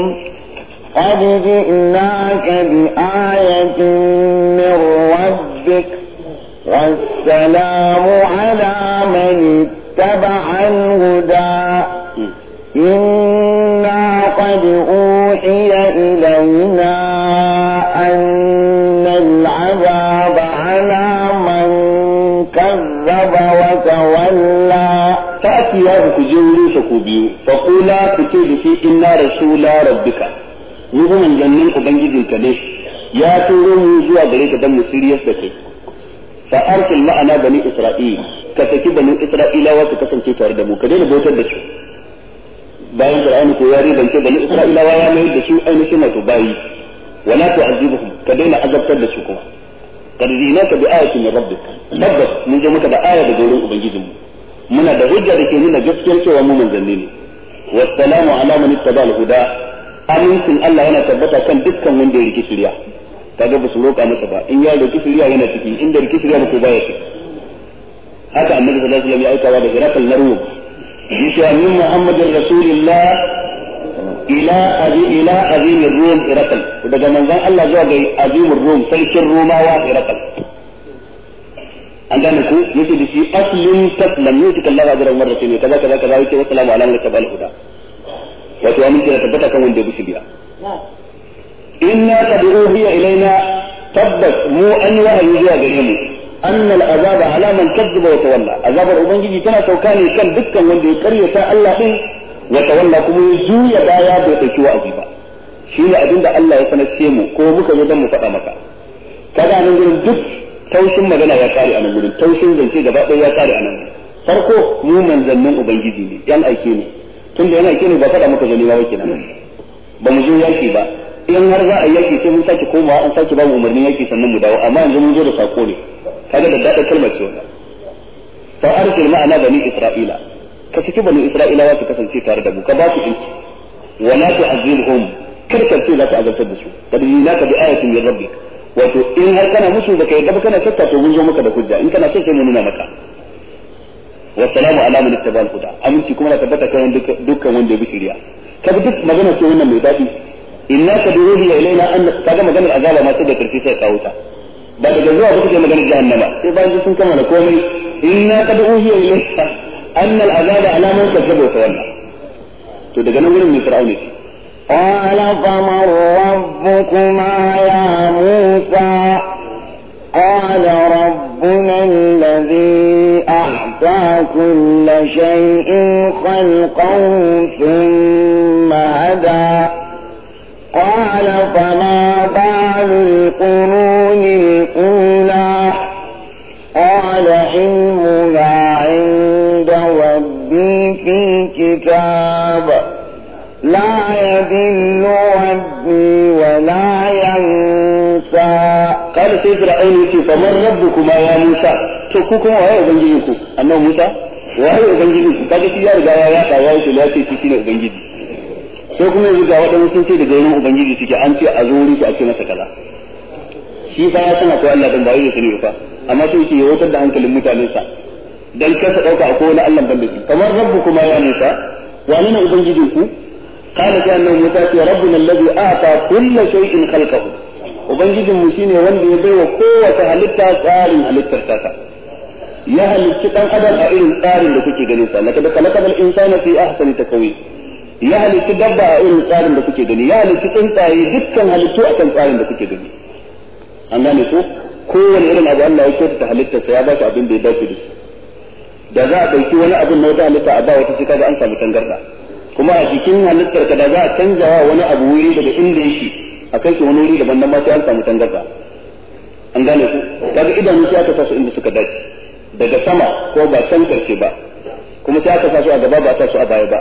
قد جئناك بآية من ربك والسلام على من اتبع الهدى إنا قد أوحي إلينا أن العذاب على من كذب وتولى تأتي يا بكجوري سكوبيو فقولا تكيد في إنا رسول ربك mu fa manzannin ubangijin ka ne ya turo mu zuwa gare ka dan mu siriyar da kai fa arsil ma'ana bani isra'il ka saki bani isra'ilawa su kasance tare da mu ka daina bautar da su bayan fir'aun ko ban ribance bani isra'ilawa ya mai da su ainihin wato bayi wala tu'azibuhum ka daina azabtar da su kuma kad zinaka bi ayatin min rabbik tabbas mun je muka da aya daga wurin ubangijinmu muna da hujja da ke nuna gaskiyar cewa mu manzanni ne wassalamu ala man ittaba al-huda amincin Allah yana tabbata kan dukkan wanda ya riki shirya kaga ba su roƙa masa ba in ya riki shirya yana ciki inda riki shirya ba ko baya shi haka annabi sallallahu alaihi wasallam ya aikawa da hirakal narwu yusha min muhammadin rasulillah ila abi ila azimir rum hirakal daga manzon Allah zuwa ga azimir rum sarkin rumawa hirakal an gane ku yake da shi aslin taslam yutika Allah ajran ne kaza kaza kaza yake wa ala man wa huda wato ya miki tabbata kan wanda ya bi shiriya inna tad'u hiya ilaina tabbas mu an wahayi zuwa gare mu annal azaba alaman man kadzaba wa tawalla azabar ubangiji tana sauka ne kan dukkan wanda ya karyata Allah din wa tawalla kuma ya juya baya bai dauki wa'azi ba shine abinda Allah ya sanar ce mu ko muka zo dan mu faɗa maka kaga nan gurin duk taushin magana ya kare a nan gurin taushin zance gaba ɗaya ya kare a nan farko mu manzannin ubangiji ne yan aike ne tunda yana kinu ba faɗa muka zalima ba kenan ba mu je yaki ba in har za a yaki sai mun sake komawa an sake ba mu umarnin yaki sannan mu dawo amma yanzu mun zo da sako ne kaga da daɗa kalmar ce wannan fa arsil ma'ana bani isra'ila ka ciki bani isra'ila za su kasance tare da mu ka ba su inci wa la tu'azzirhum kar ka ce za ka azabtar da su yi yinaka bi ayatin min rabbik wato in har kana musu da kai ba kana tattato mun zo maka da hujja in kana so sai mu nuna maka والسلام على من اتبع الهدى امنت كما ثبت كان دكا وين دبي سيريا كيف دك ما جنا سوينا ميتاتي إنا كدوري إلينا أن كذا ما جنا ما تبي ترتي سيرك أوتا بعد جزوا بكتي ما جنا جهنم إبان إيه جسم كما نقومي إنا كدوري إلينا أن الأذى على من كذب وتولى تدجنا وين من فرعوني قال فمن ربكما يا موسى قال ربنا الذي كل شيء خلقا ثم هدى قال فما بال القرون الأولى قال علمها عند ربي في كتاب لا يذل ربي ولا ينسى قال سيد رأيني فمن ربكما يا موسى to ku kuma waye ubangijin ku annabi Musa waye ubangijin ku kaga shi ya riga ya yaka ya ce ya ce shi shine ubangiji sai kuma yanzu ga waɗansu sun ce daga wurin ubangiji suke an ce a zo wurin su ake masa kaza shi fa ya sana ko Allah dan ba yi sani ba amma sai yake yawatar da hankalin mutanen sa dan kasa dauka akwai wani Allah ban da shi kamar kuma ya Musa wani ne ubangijin ku قال كأنه متى ربنا الذي أعطى كل شيء خلقه وبنجد المسين وندي kowace halitta tsarin قارن ta. ya halicci dan adam a irin tsarin da kuke ganin sa laqad khalaqal insana fi ahsani takwim ya halicci dabba a irin tsarin da kuke gani ya halicci tsuntsaye dukkan halittu kan tsarin da kuke gani an gane ko kowane irin abu Allah ya halitta halittarsa ya ba shi abin da ya dace da shi da za a ɗauki wani abin na wata halitta a ba wata sai kaga an samu tangarda kuma a jikin halittar ka da za a canza wa wani abu wuri daga inda yake a kai shi wani wuri daban nan ma sai an samu tangarda an gane ku kaga idanu sai aka tasu inda suka dace daga sama ko ba san karshe ba kuma sai aka sa su a gaba ba ta su a baya ba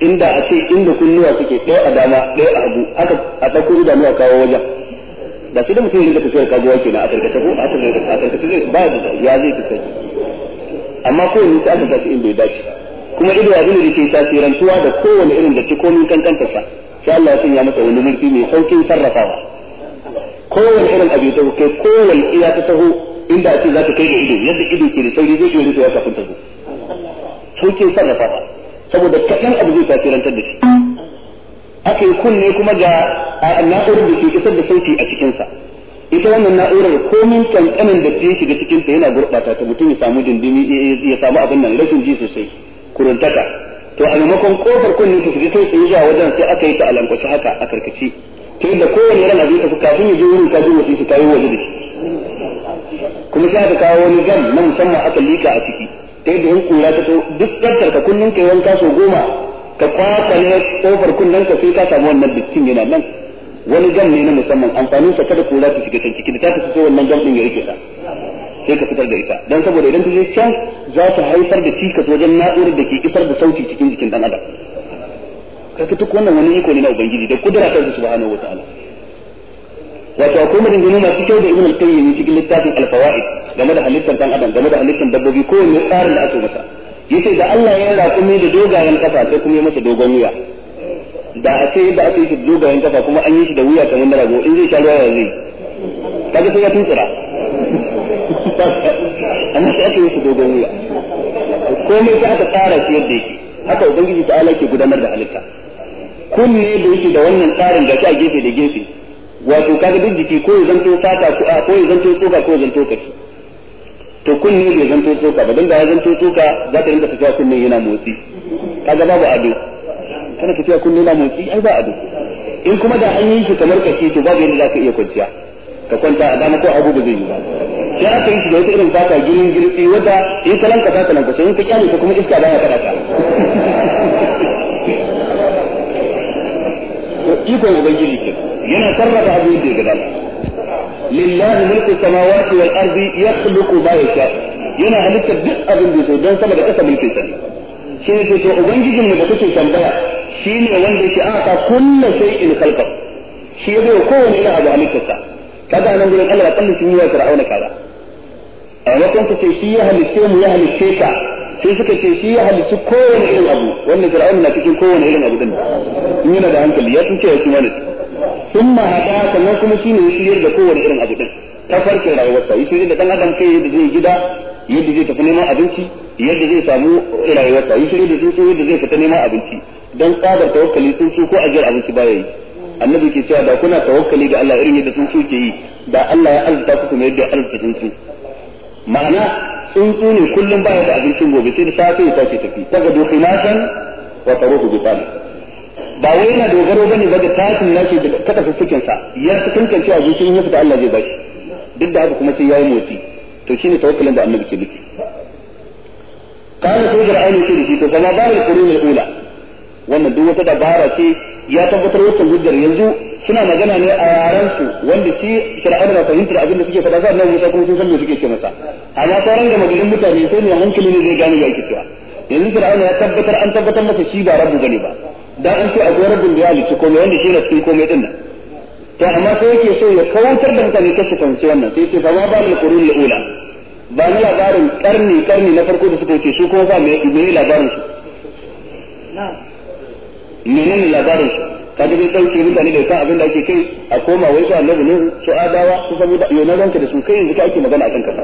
inda a ce inda kunnuwa suke ɗaya a dama ɗaya a hagu aka a ɗauko idanu a kawo wajen da sai da mutum ya rinka tafiyar kaguwa na a karkace ko a karkace a karkace zai ba da ya zai tafi amma ko yanzu sai aka sa shi inda ya dace kuma ido ya zai rike tasirantuwa da kowane irin da ci komin kankanta sa sai Allah ya sanya masa wani mulki mai saukin sarrafawa kowane irin abu ya taho kai kowane iya ta taho inda a ce za ta kai da ido yadda ido ke da sauri zai iya rufewa kafin ta zo sauƙin sarrafa ba saboda kaɗan abu zai tasirantar da shi aka yi kunne kuma ga na'urar da ke isar da sauti a cikinsa ita wannan na'urar komin kankanin da ta shiga cikinta yana gurɓata ta mutum ya samu dindimi ya samu abin nan rashin ji sosai kuruntaka to a maimakon kofar kunne ta shiga kai tsaye zuwa wajen sai aka yi ta alankwashi haka a karkace ta yadda kowane ran tafi kafin ya je wurin kajin ji wasu su kayi waje da shi kuma sai aka kawo wani gan na musamman aka lika a ciki ta yadda in kura ta so duk tsarkar ka kullum kai wanka so goma ka ne kofar kullum ka sai ka samu wannan dattin yana nan wani gan ne na musamman amfanin sa kada kura ta shiga can ciki da ta so wannan gan din ya rike ta sai ka fitar da ita dan saboda idan ta je can za ta haifar da cikas wajen na'urar da ke isar da sauti cikin jikin dan adam kaga duk wannan wani iko ne na ubangiji da kudura ta subhanahu wataala wato akwai maganganu masu kyau da ibn al-qayyim cikin littafin al-fawaid game da halittar dan adam game da halittar dabbobi ko ne tsarin da aka masa yace da Allah ya rakumi da dogayen kafa sai kuma ya masa dogon wuya da a ce da aka yi dogayen kafa kuma an yi shi da wuya kamar na rago in zai sha ruwa ya zai kaga sai ya tuntura an sai aka yi shi dogon wuya komai sai aka tsara shi yadda yake haka ubangiji ta ala ke gudanar da halitta kun ne da yake da wannan tsarin da shi gefe da gefe wato kaga duk jiki ko ya zanto fata ko ya zanto tsoka ko ya zanto kashi to kunne bai zanto tsoka ba dan da ya zanto tsoka za ta rinka tafiya kunne yana motsi kaga babu ado kana tafiya kunni yana motsi ai ba ado in kuma da an yi shi kamar kashi to babu yadda za ka iya kwanciya ka kwanta a dama ko abu ba zai yi ba sai aka yi shi da wata irin fata girin girbi wadda in ka lanka ta lanka sai in ka kyale ka kuma iska ba ya kada ka ikon ubangiji kenan yana sarrafa abin da ya gada lillahi mulku samawati wal ardi yakhluqu ma yasha yana halitta duk abin da ya dan sama da kasa mulkin sa shi ne to ubangijin mu da kake tambaya shi ne wanda yake aka kullu shay'in khalqa shi ya bai kowane ina abu halittarsa kaga nan gurin Allah ya kalli sun yi wa fir'auna kaza a maimakon ka ce shi ya halitta mu ya halitta ka sai suka ce shi ya halitta kowane irin abu wannan fir'auna na cikin kowane irin abu din in yana da hankali ya tsince ya shi wani sun ma hada sannan kuma shine ya shiryar da kowane irin abu din tafarkin rayuwarsa ya shiryar da dan adam kai yadda zai gida yadda zai tafi neman abinci yadda zai samu rayuwarsa ya shiryar da tsuntsu yadda zai fita neman abinci dan tsabar tawakkali tsuntsu ko ajiyar abinci baya yi annabi ke cewa da kuna tawakkali ga Allah irin yadda tsuntsu ke yi da Allah ya arzuta ku kuma yadda ya arzuta tsuntsu ma'ana tsuntsu ne kullum baya da abincin gobe sai da safe ya tashi tafi ta gado khinasan wa taruhu bi talib ba wai yana dogaro bane ba da tashin nashi da kada fuskin sa ya tunkan cewa zuciyar ya fita Allah zai bashi duk da haka kuma sai yayi moti to shine tawakkalin da annabi ke nufi kana sai jira'ani ce da shi to zama barin qurunul ula wannan duk wata dabara ce ya tabbatar wannan hujjar yanzu suna magana ne a yaran su wanda shi shari'a da fahimtar abin da suke faɗa sai annabi Musa kuma sun san me suke ce masa amma sauran da magarin mutane sai ne hankali ne zai gane ya ake cewa yanzu shari'a ya tabbatar an tabbatar masa shi ba rabu gani ba dan an ce a gorar da ya halicci komai wanda shi na cikin komai din nan to amma sai yake so ya kawantar da mutane kashi fahimci wannan sai ce fama ba da kurun ula ba ni labarin karni karni na farko da suka ce su kuma ba me labarin su menene labarin su kaga dai dauke mutane da kan abin da ake kai a koma wai su annabi ne su adawa su saboda yau na ranka da su kai yanzu ake magana akan kasa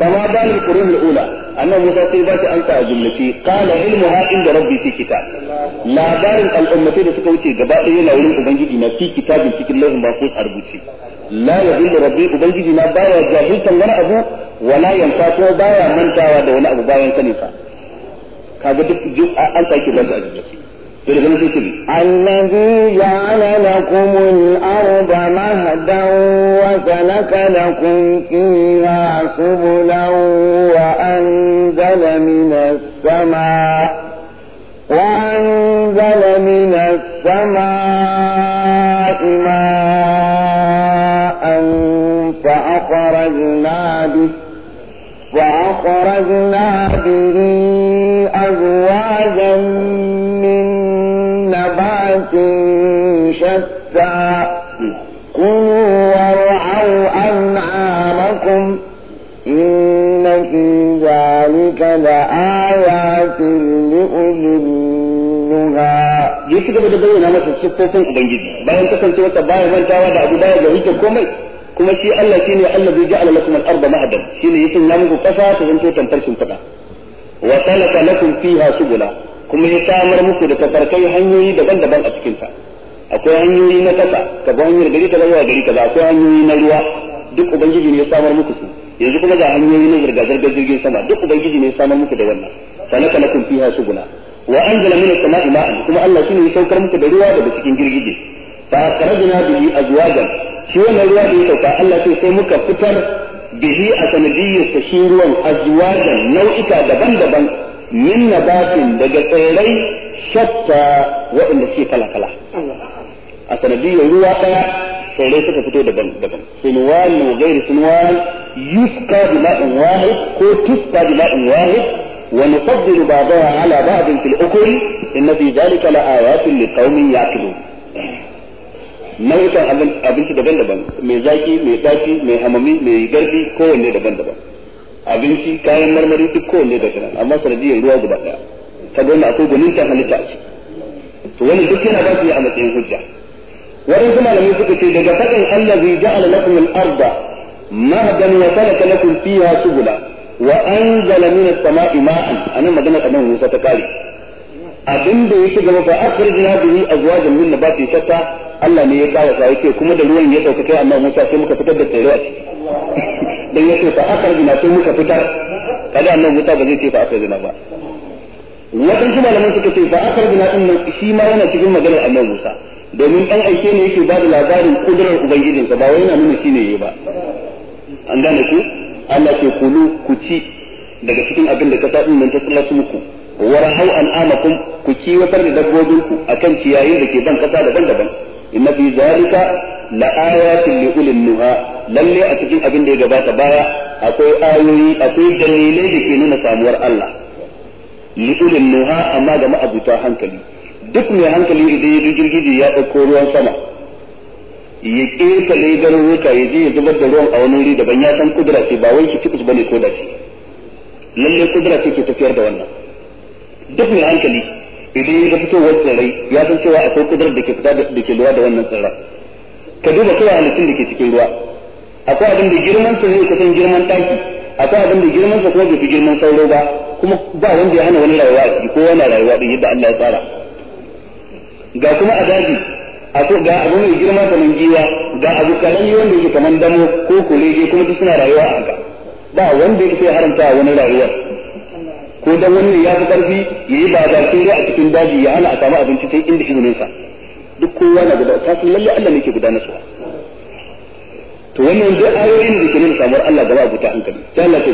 kama dalil qurun al-ula annabi Musa sai ba ta ansa a jumlaci qala ilmuha inda rabbi fi kitab labarin al'ummatai da suka wuce gaba ɗaya yana wurin ubangiji na fi kitabin cikin lauhin mafus a rubuce la yadullu rabbi ubangiji na baya jahiltan wani abu wala yanta ko baya mantawa da wani abu bayan saninsa kaga duk an sake ba ta jumlaci الذي جعل لكم الأرض مهدا وسلك لكم فيها سبلا وأنزل من السماء وأنزل من السماء ماء فأخرجنا به فأخرجنا به أزواجا شتى كلوا وارعوا أنعامكم إن في ذلك لآيات لأولي النهى gaba da bayyana masa siffofin ubangiji bayan kasancewarsa baya mantawa da abu baya gari ta komai kuma shi Allah shine Allah zai ja'ala lakum al-ardha mahdan shine ya sanya muku kasa ta zanto tamfar fada wa salaka lakum fiha subula kuma ya samar muku da tafarkai hanyoyi daban-daban a ta akwai hanyoyi na kasa kaga hanyar gari kaza zuwa gari kaza akwai hanyoyi na ruwa duk ubangiji ne ya samar muku su yanzu kuma ga hanyoyi na zirga-zirgar jirgin sama duk ubangiji ne ya samar muku da wannan sanaka kun fiha guna wa anzala minas sama'i ma'an kuma Allah shine ya saukar muku da ruwa daga cikin girgije fa akhrajna bihi azwajan shi wannan ruwa da ya sauka Allah sai sai muka fitar bihi a sanadiyyar shi ruwan azwajan nau'ika daban-daban min nabatin daga tsirrai shatta waɗanda suke kala-kala a sanadiyyar ruwa ɗaya tsirrai suka fito daban-daban sunwal wa gairi sunwal yusqa bi ma'in wahid ko tusqa bi ma'in wahid wa nufaddilu ba'daha ala ba'din fil ukuri inna fi dhalika la ayatin liqaumin yaqilun nau'ikan abinci daban-daban mai zaki mai daci mai hamami mai garbi kowanne daban-daban abinci kayan marmari duk kowanne da kana amma sanadiyar ruwa guda daya ka ga akwai gwanintan halitta a ciki to wani duk yana ba su a matsayin hujja waɗansu malamai suka ce daga faɗin Allah zai ja'ala lakum al-arda mahdan wa salaka lakum fiha subula wa anzala min as-sama'i ma'an anan magana annabi Musa ta kare abin da yake gaba fa akhrijna bihi azwajan min nabatin shatta Allah ne ya kawo sa yake kuma da ruwan ya dauka kai amma Musa sai muka fitar da tsiro a ciki dan yace fa akhrajna sai muka fitar kada annabi wuta ba zai ce fa akhrajna ba shi malaman suka ce fa akhrajna din nan shi ma yana cikin maganar annabi Musa domin dan aike ne yake ba da labarin kudurar sa ba wai yana nuna shine ne yayi ba an gane ku Allah ke kulu ku ci daga cikin abin da kasa din nan ta tsallatu muku an amakum ku kiwatar da dabbobinku akan ciyayin da ke ban kasa daban-daban inna fi zalika la ayatin li ulil nuha lalle a cikin abin da ya gabata baya akwai ayoyi akwai dalilai da ke nuna samuwar Allah li ulil nuha amma ga ma'abuta hankali duk mai hankali idan ya jirgiji ya dauko ruwan sama ya kesa legar ruka ya je ya zubar da ruwan a wani wuri daban ya san kudura ce ba wai ki cikus bane ko da ce lalle kudura ce ke tafiyar da wannan duk mai hankali idan ya ga fitowar tsirrai ya san cewa akwai kudurar da ke fita da ke lura da wannan tsirrai ka duba kawai halittun da ke cikin ruwa akwai abin da girman sa zai kasan girman taki akwai abin da girman su kuma bai fi girman sauro ba kuma ba wanda ya hana wani rayuwa a ciki ko wani rayuwa din yadda Allah ya tsara ga kuma a daji ga abu mai girma kamar giwa ga abu karami wanda yake kamar damo ko kulege kuma duk suna rayuwa a haka ba wanda yake haramta wani rayuwa ko dan wani ya fi karfi yayi ba da a cikin daji ya hana a samu abinci sai inda ne sa duk kowa na guda ta san lalle Allah ne ke gudanar da to wannan duk ayoyin da ke nuna samuwar Allah gaba guda hankali ta Allah ce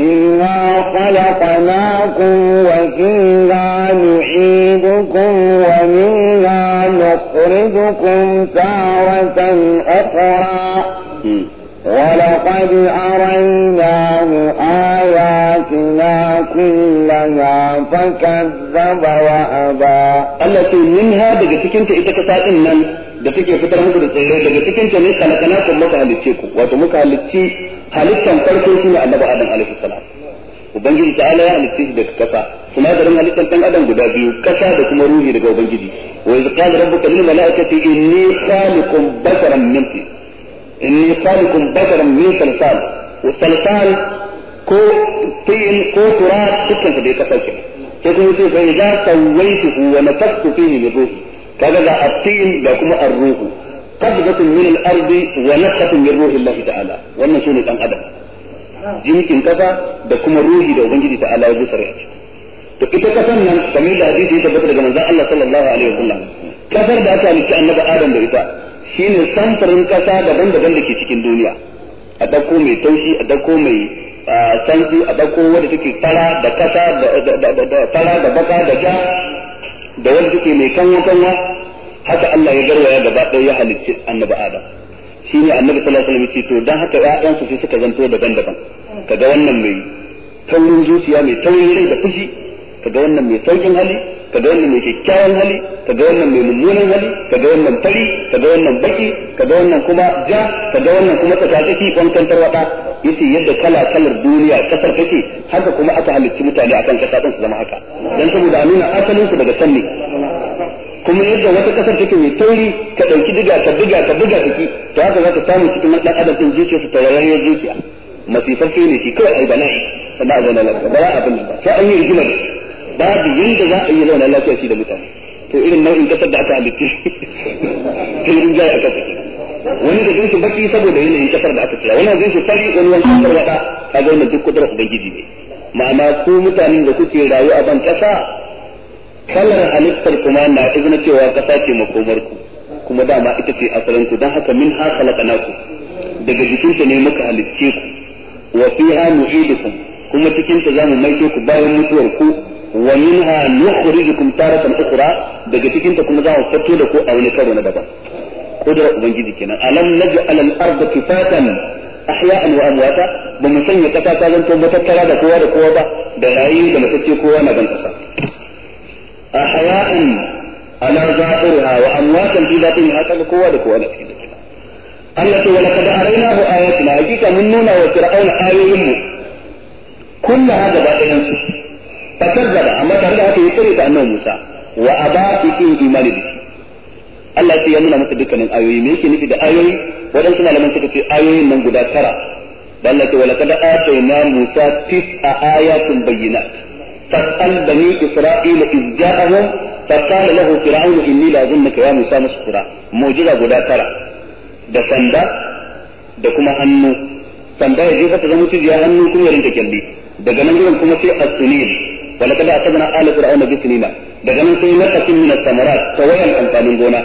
minna khalaqnakum wa fiha nu'idukum wa minna nukhrijukum ولقد أريناه آياتنا كلها فكذب وأبى التي منها daga cikin ta ita kasa din nan da take fitar muku da tsirrai daga cikin ne kalakana kun muka halicce ku wato muka halicci halittan farko shine annabi adam alaihi salam ubangiji ta'ala ya halicce shi daga kasa sinadarin halittan dan adam guda biyu kasa da kuma ruhi daga ubangiji wa iz qala rabbuka lil malaikati inni khaliqun basharan min inni khaliqun basharan min salsal wa salsal ko tayin ko turat dukkan da ya kasance sai kuma sai sai da sawaituhu wa nafastu fihi min ruhi kaga da at-tin da kuma ar-ruhu qabdatun min al-ardi wa nafhatun min ruhi Allah ta'ala wannan shine dan adam jinkin kasa da kuma ruhi da ubangiji ta'ala ya busare a ciki to ita kasan nan kamar da hadisi ya tabbata daga manzon Allah sallallahu alaihi wasallam kasar da aka halicci annabi Adam da ita shine samfurin kasa daban-daban da ke cikin duniya a dauko mai taushi a dauko mai santi a ɗauko wadda take fara da kasa da fara da baka da ja da wadda take mai kanwa kanwa haka Allah ya garwaya gaba ɗaya ya halicci annabi Adam shi ne annabi sallallahu alaihi wasallam to dan haka ƴaƴansu sai suka zanto daban-daban kaga wannan mai taurin zuciya mai taurin rai da fushi kaga wannan mai saukin hali kaga wannan mai kyakkyawan hali kaga wannan mai mummunan hali kaga wannan fari kaga wannan baki kaga wannan kuma ja kaga wannan kuma tsakatsaki kwantantar wada yace yadda kala kalar duniya kasar take haka kuma aka halicci mutane akan kasa din su zama haka dan saboda a nuna asalin su daga sanni kuma yadda wata kasar take mai tauri ka dauki diga ka diga ka diga take to haka za ka samu cikin dan adam din zuciya su tawararriyar zuciya masifar sai ne shi kawai ai bala'i sannan a zauna lafiya ba za a abin ba sai an yi rigima da babu yadda za a yi zauna lafiya shi da mutane to irin nau'in kasar da aka halitta ta yi rinjaye a kasar wani da jinsu baki saboda yanayin kasar da aka kira wani jinsu tari wani wani kasar wada ka ga wannan duk kudura ubangiji ne ma'ana ku mutanen da kuke rayu a ban kasa kalar halittar kuma na izina cewa kasa ce makomar ku kuma dama ita ce asalin ku don haka min ha ku. daga jikinta ne muka halicce ku wa fiha nu'idukum kuma cikinta za mu maito ku bayan mutuwar ku wa min ha nukhrijukum taratan ukhra daga cikinta kuma za zamu fito da ku a wani karo na daban kudrar ubangiji kenan alam naj'al al-ardha kifatan ahya'an wa amwata ba mu sanya kasa ta zanto matattara da kowa da kowa ba da rayu da matacce kowa na ban kasa ahya'an ala zahiriha wa amwatan fi zatihi haka da kowa da kowa da cikin Allah ce wala kad arainahu ayatina hakika mun nuna wa fir'auna ayoyin mu kullu hada ba ɗayan su fa kazzaba amma tare da haka ya kare ta annabi Musa wa aba fi imani Allah sai ya nuna masa dukkanin ayoyi me yake nufi da ayoyi waɗansu malaman suka ce ayoyin nan guda tara da Allah ce wala kada atayna Musa tis'a ayatin bayyinat fas'al bani isra'ila iz ja'ahum فقال له فرعون إني لأظنك يا موسى مسكرا موجزة guda tara da sanda da kuma hannu sanda ya jefa ta zama cijiya hannu kuma ya rinka daga nan gurin kuma sai a sunil wala kada atadna ala daga nan sai na kasin min samarat tawayan amfanin gona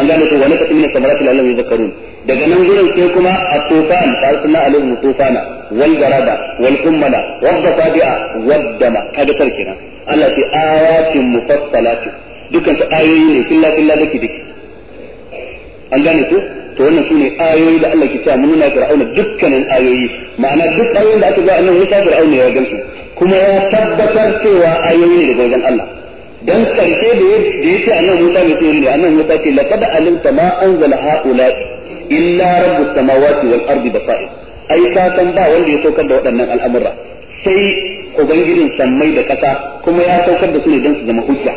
an gane to wani kasin min samarat lalle ya zakarun daga nan gurin sai kuma a tufan ta sunna alaihi tufana wal garada wal kummala wal dafadi'a wad dama kaga tarkina Allah fi ayatin mufassalati dukkan su ayoyi ne killa killa dake dake an gane ko to wannan sune ayoyi da Allah ke cewa mun nuna fir'auna dukkanin ayoyi ma'ana duk ayoyin da aka ga annabi Musa fir'auna ya gansu kuma ya tabbatar cewa ayoyi ne daga wajen Allah dan karshe da ya ce annabi Musa ne ce ne annabi Musa ce laqad alimta ma anzala haula illa rabbus samawati wal ardi basair ai ka san ba wanda ya saukar da waɗannan al'amura sai ubangijin sammai da ƙasa kuma ya saukar da su ne dan su zama hujja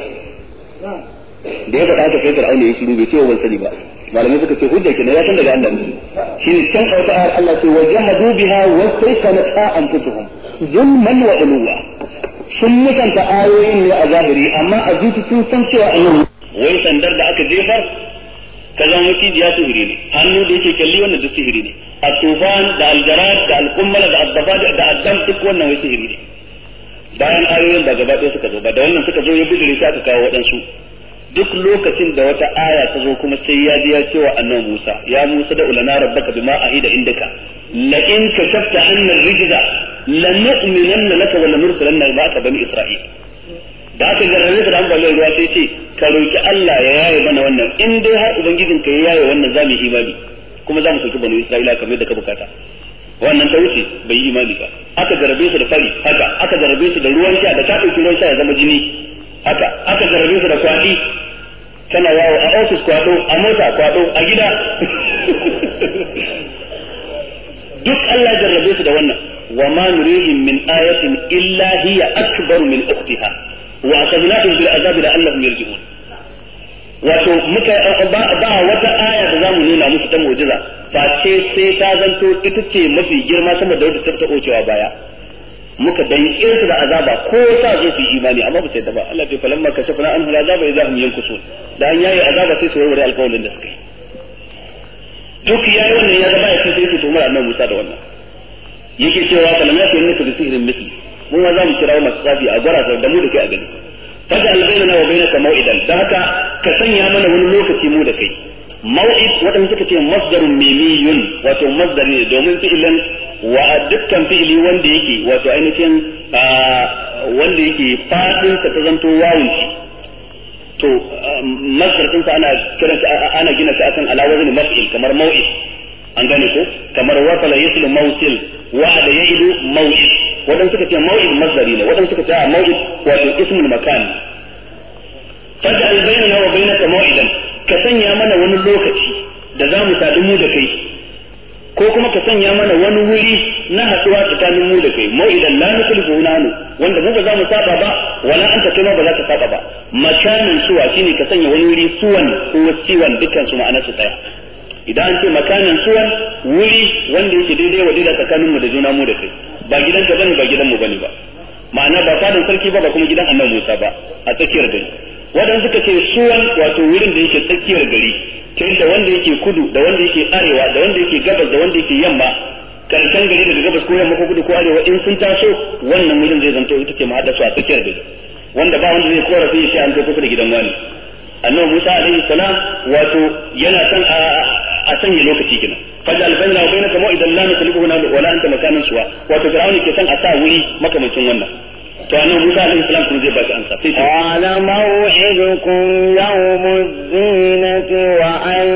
da ya faɗa haka sai Fir'aun ya shiru bai ce wa sani ba malamai suka ce hujja kenan ya san daga Allah shi ne can ayata Allah ce wajahadu biha wa saykanat anfusuhum zulman wa ulwa sun mutanta ayoyin ne a zahiri amma a zuci sun san cewa a yau wai sandar da aka jefar kaza maciji ya sihiri ne hannu da yake kalli wannan duk sihiri ne a tufan da aljarat da alkummala da addaba da addam duk wannan wai sihiri ne bayan ayoyin da gaba ɗaya suka zo ba da wannan suka zo ya bijire sai aka kawo waɗansu duk lokacin da wata aya ta zo kuma sai ya ji ya ce wa annabi Musa ya Musa da ulana rabbaka bima ahida indaka la in kashafta anna rijza la nu'minanna laka wa la nursilanna ma'aka bani isra'il da aka garrabe ka da ambaliyar ruwa sai ce ka roki Allah ya yaye mana wannan in dai har ubangijin ka ya yaye wannan za mu imani kuma za mu soki bani isra'ila kamar yadda ka bukata wannan ta wuce bai yi imani ba aka garrabe su da fari haka aka garrabe su da ruwan sha da ka dauki ruwan sha ya zama jini haka aka garrabe su da kwaɗi. tana yawo a ofis kwado a mota kwado a gida duk Allah jarrabe su da wannan wa ma nurihim min ayatin illa hiya akbar min ukhtiha wa akhadnahum bil azabi la'allahum yarji'un wato muka ba wata aya da zamu nuna musu ta mu'jiza fa ce sai ta zanto ita ce mafi girma sama da wadda ta ocewa baya muka bayyana irsu da azaba ko sa zo su imani amma ba sai da ba Allah bai falamma shafa an hula azaba idza hum yankusun da an yayi azaba sai su warware alƙawarin da suka yi duk yayi wannan ya zama ya kai sai su tumar annabi Musa da wannan yake cewa ne ka bi sihirin miki mun ma za mu kira masu tsafi a gwara da mu da kai a gani kaga albaina wa bainaka mau'idan dan haka ka sanya mana wani lokaci mu da kai mau'id wadanda suka ce masdarun mimiyun wato masdar ne domin fi'ilan wa dukkan fi'ili wanda yake wato ainihin wanda yake fadin sa ta zanto wawun shi to um, masdarcin sa ana kiran ana gina shi akan alawazin maf'il kamar mau'id an gane ko kamar wasala yaslu mawsil wa'ada ya'idu maw'id wadan suka ce maw'id masdari ne wadan suka ce maw'id wato ismul makan faj'al bainana wa bainaka maw'idan ka sanya mana wani lokaci da za mu sadu mu da kai ko kuma ka sanya mana wani wuri na haɗuwa tsakanin mu da kai mau'idan la nuklifu nanu wanda mu ba za mu saba ba wala anta kai ba za ka saba ba makanin suwa shine ka sanya wani wuri suwan ko siwan dukkan su ma'anar su tsaya idan an ce makanin suwan wuri wanda yake daidai wa daidai tsakanin mu da juna mu da kai ba gidan ka bane ba gidan mu bane ba ma'ana ba fadin sarki ba ba kuma gidan annabi Musa ba a tsakiyar gari wadanda suka ce suwan wato wurin da yake tsakiyar gari tun da wanda yake kudu da wanda yake arewa da wanda yake gabas da wanda yake yamma karshen gari daga gabas ko yamma ko kudu ko arewa in sun taso wannan wurin zai zanto ita ce ma'adasu a tsakiyar gari wanda ba wanda zai korafi shi an zo kusa da gidan wani annabi Musa alaihi salam wato yana san a sanya lokaci kenan fajal bayna wa bainaka ma'idan la nuslihu wala anta makanan suwa wato fir'auni ke san a sa wuri makamcin wannan to annabi Musa alaihi salam kuma zai ba shi ansa sai qala maw'idukum yawmud zinati wa an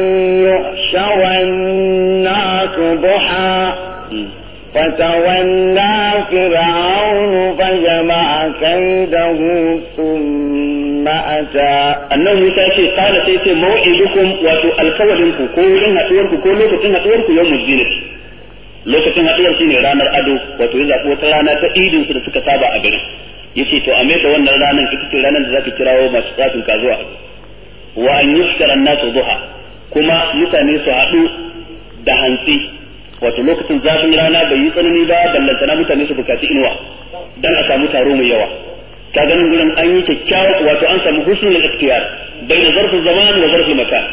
yuhshara an-nas duha فتولى فرعون فجمع كيده ثم أتى أنه يسأل قال سيتي موعدكم وتو الكوالنكو كو لن هتوركو كو لوكو تن lokacin haɗuwar shine ranar ado wato ya zaɓi wata rana ta idin su da suka saba a garin yace to a da wannan ranar ita ce ranar da zaka kirawo masu tsafin kazuwa wa an yuskara nasu duha kuma mutane su haɗu da hantsi wato lokacin zafin rana bai yi tsanani ba na mutane su bukaci inuwa dan a samu taro mai yawa ka ganin gurin an yi kyakkyawa wato an samu husnul ikhtiyar baina zarfin zaman da zarfin makan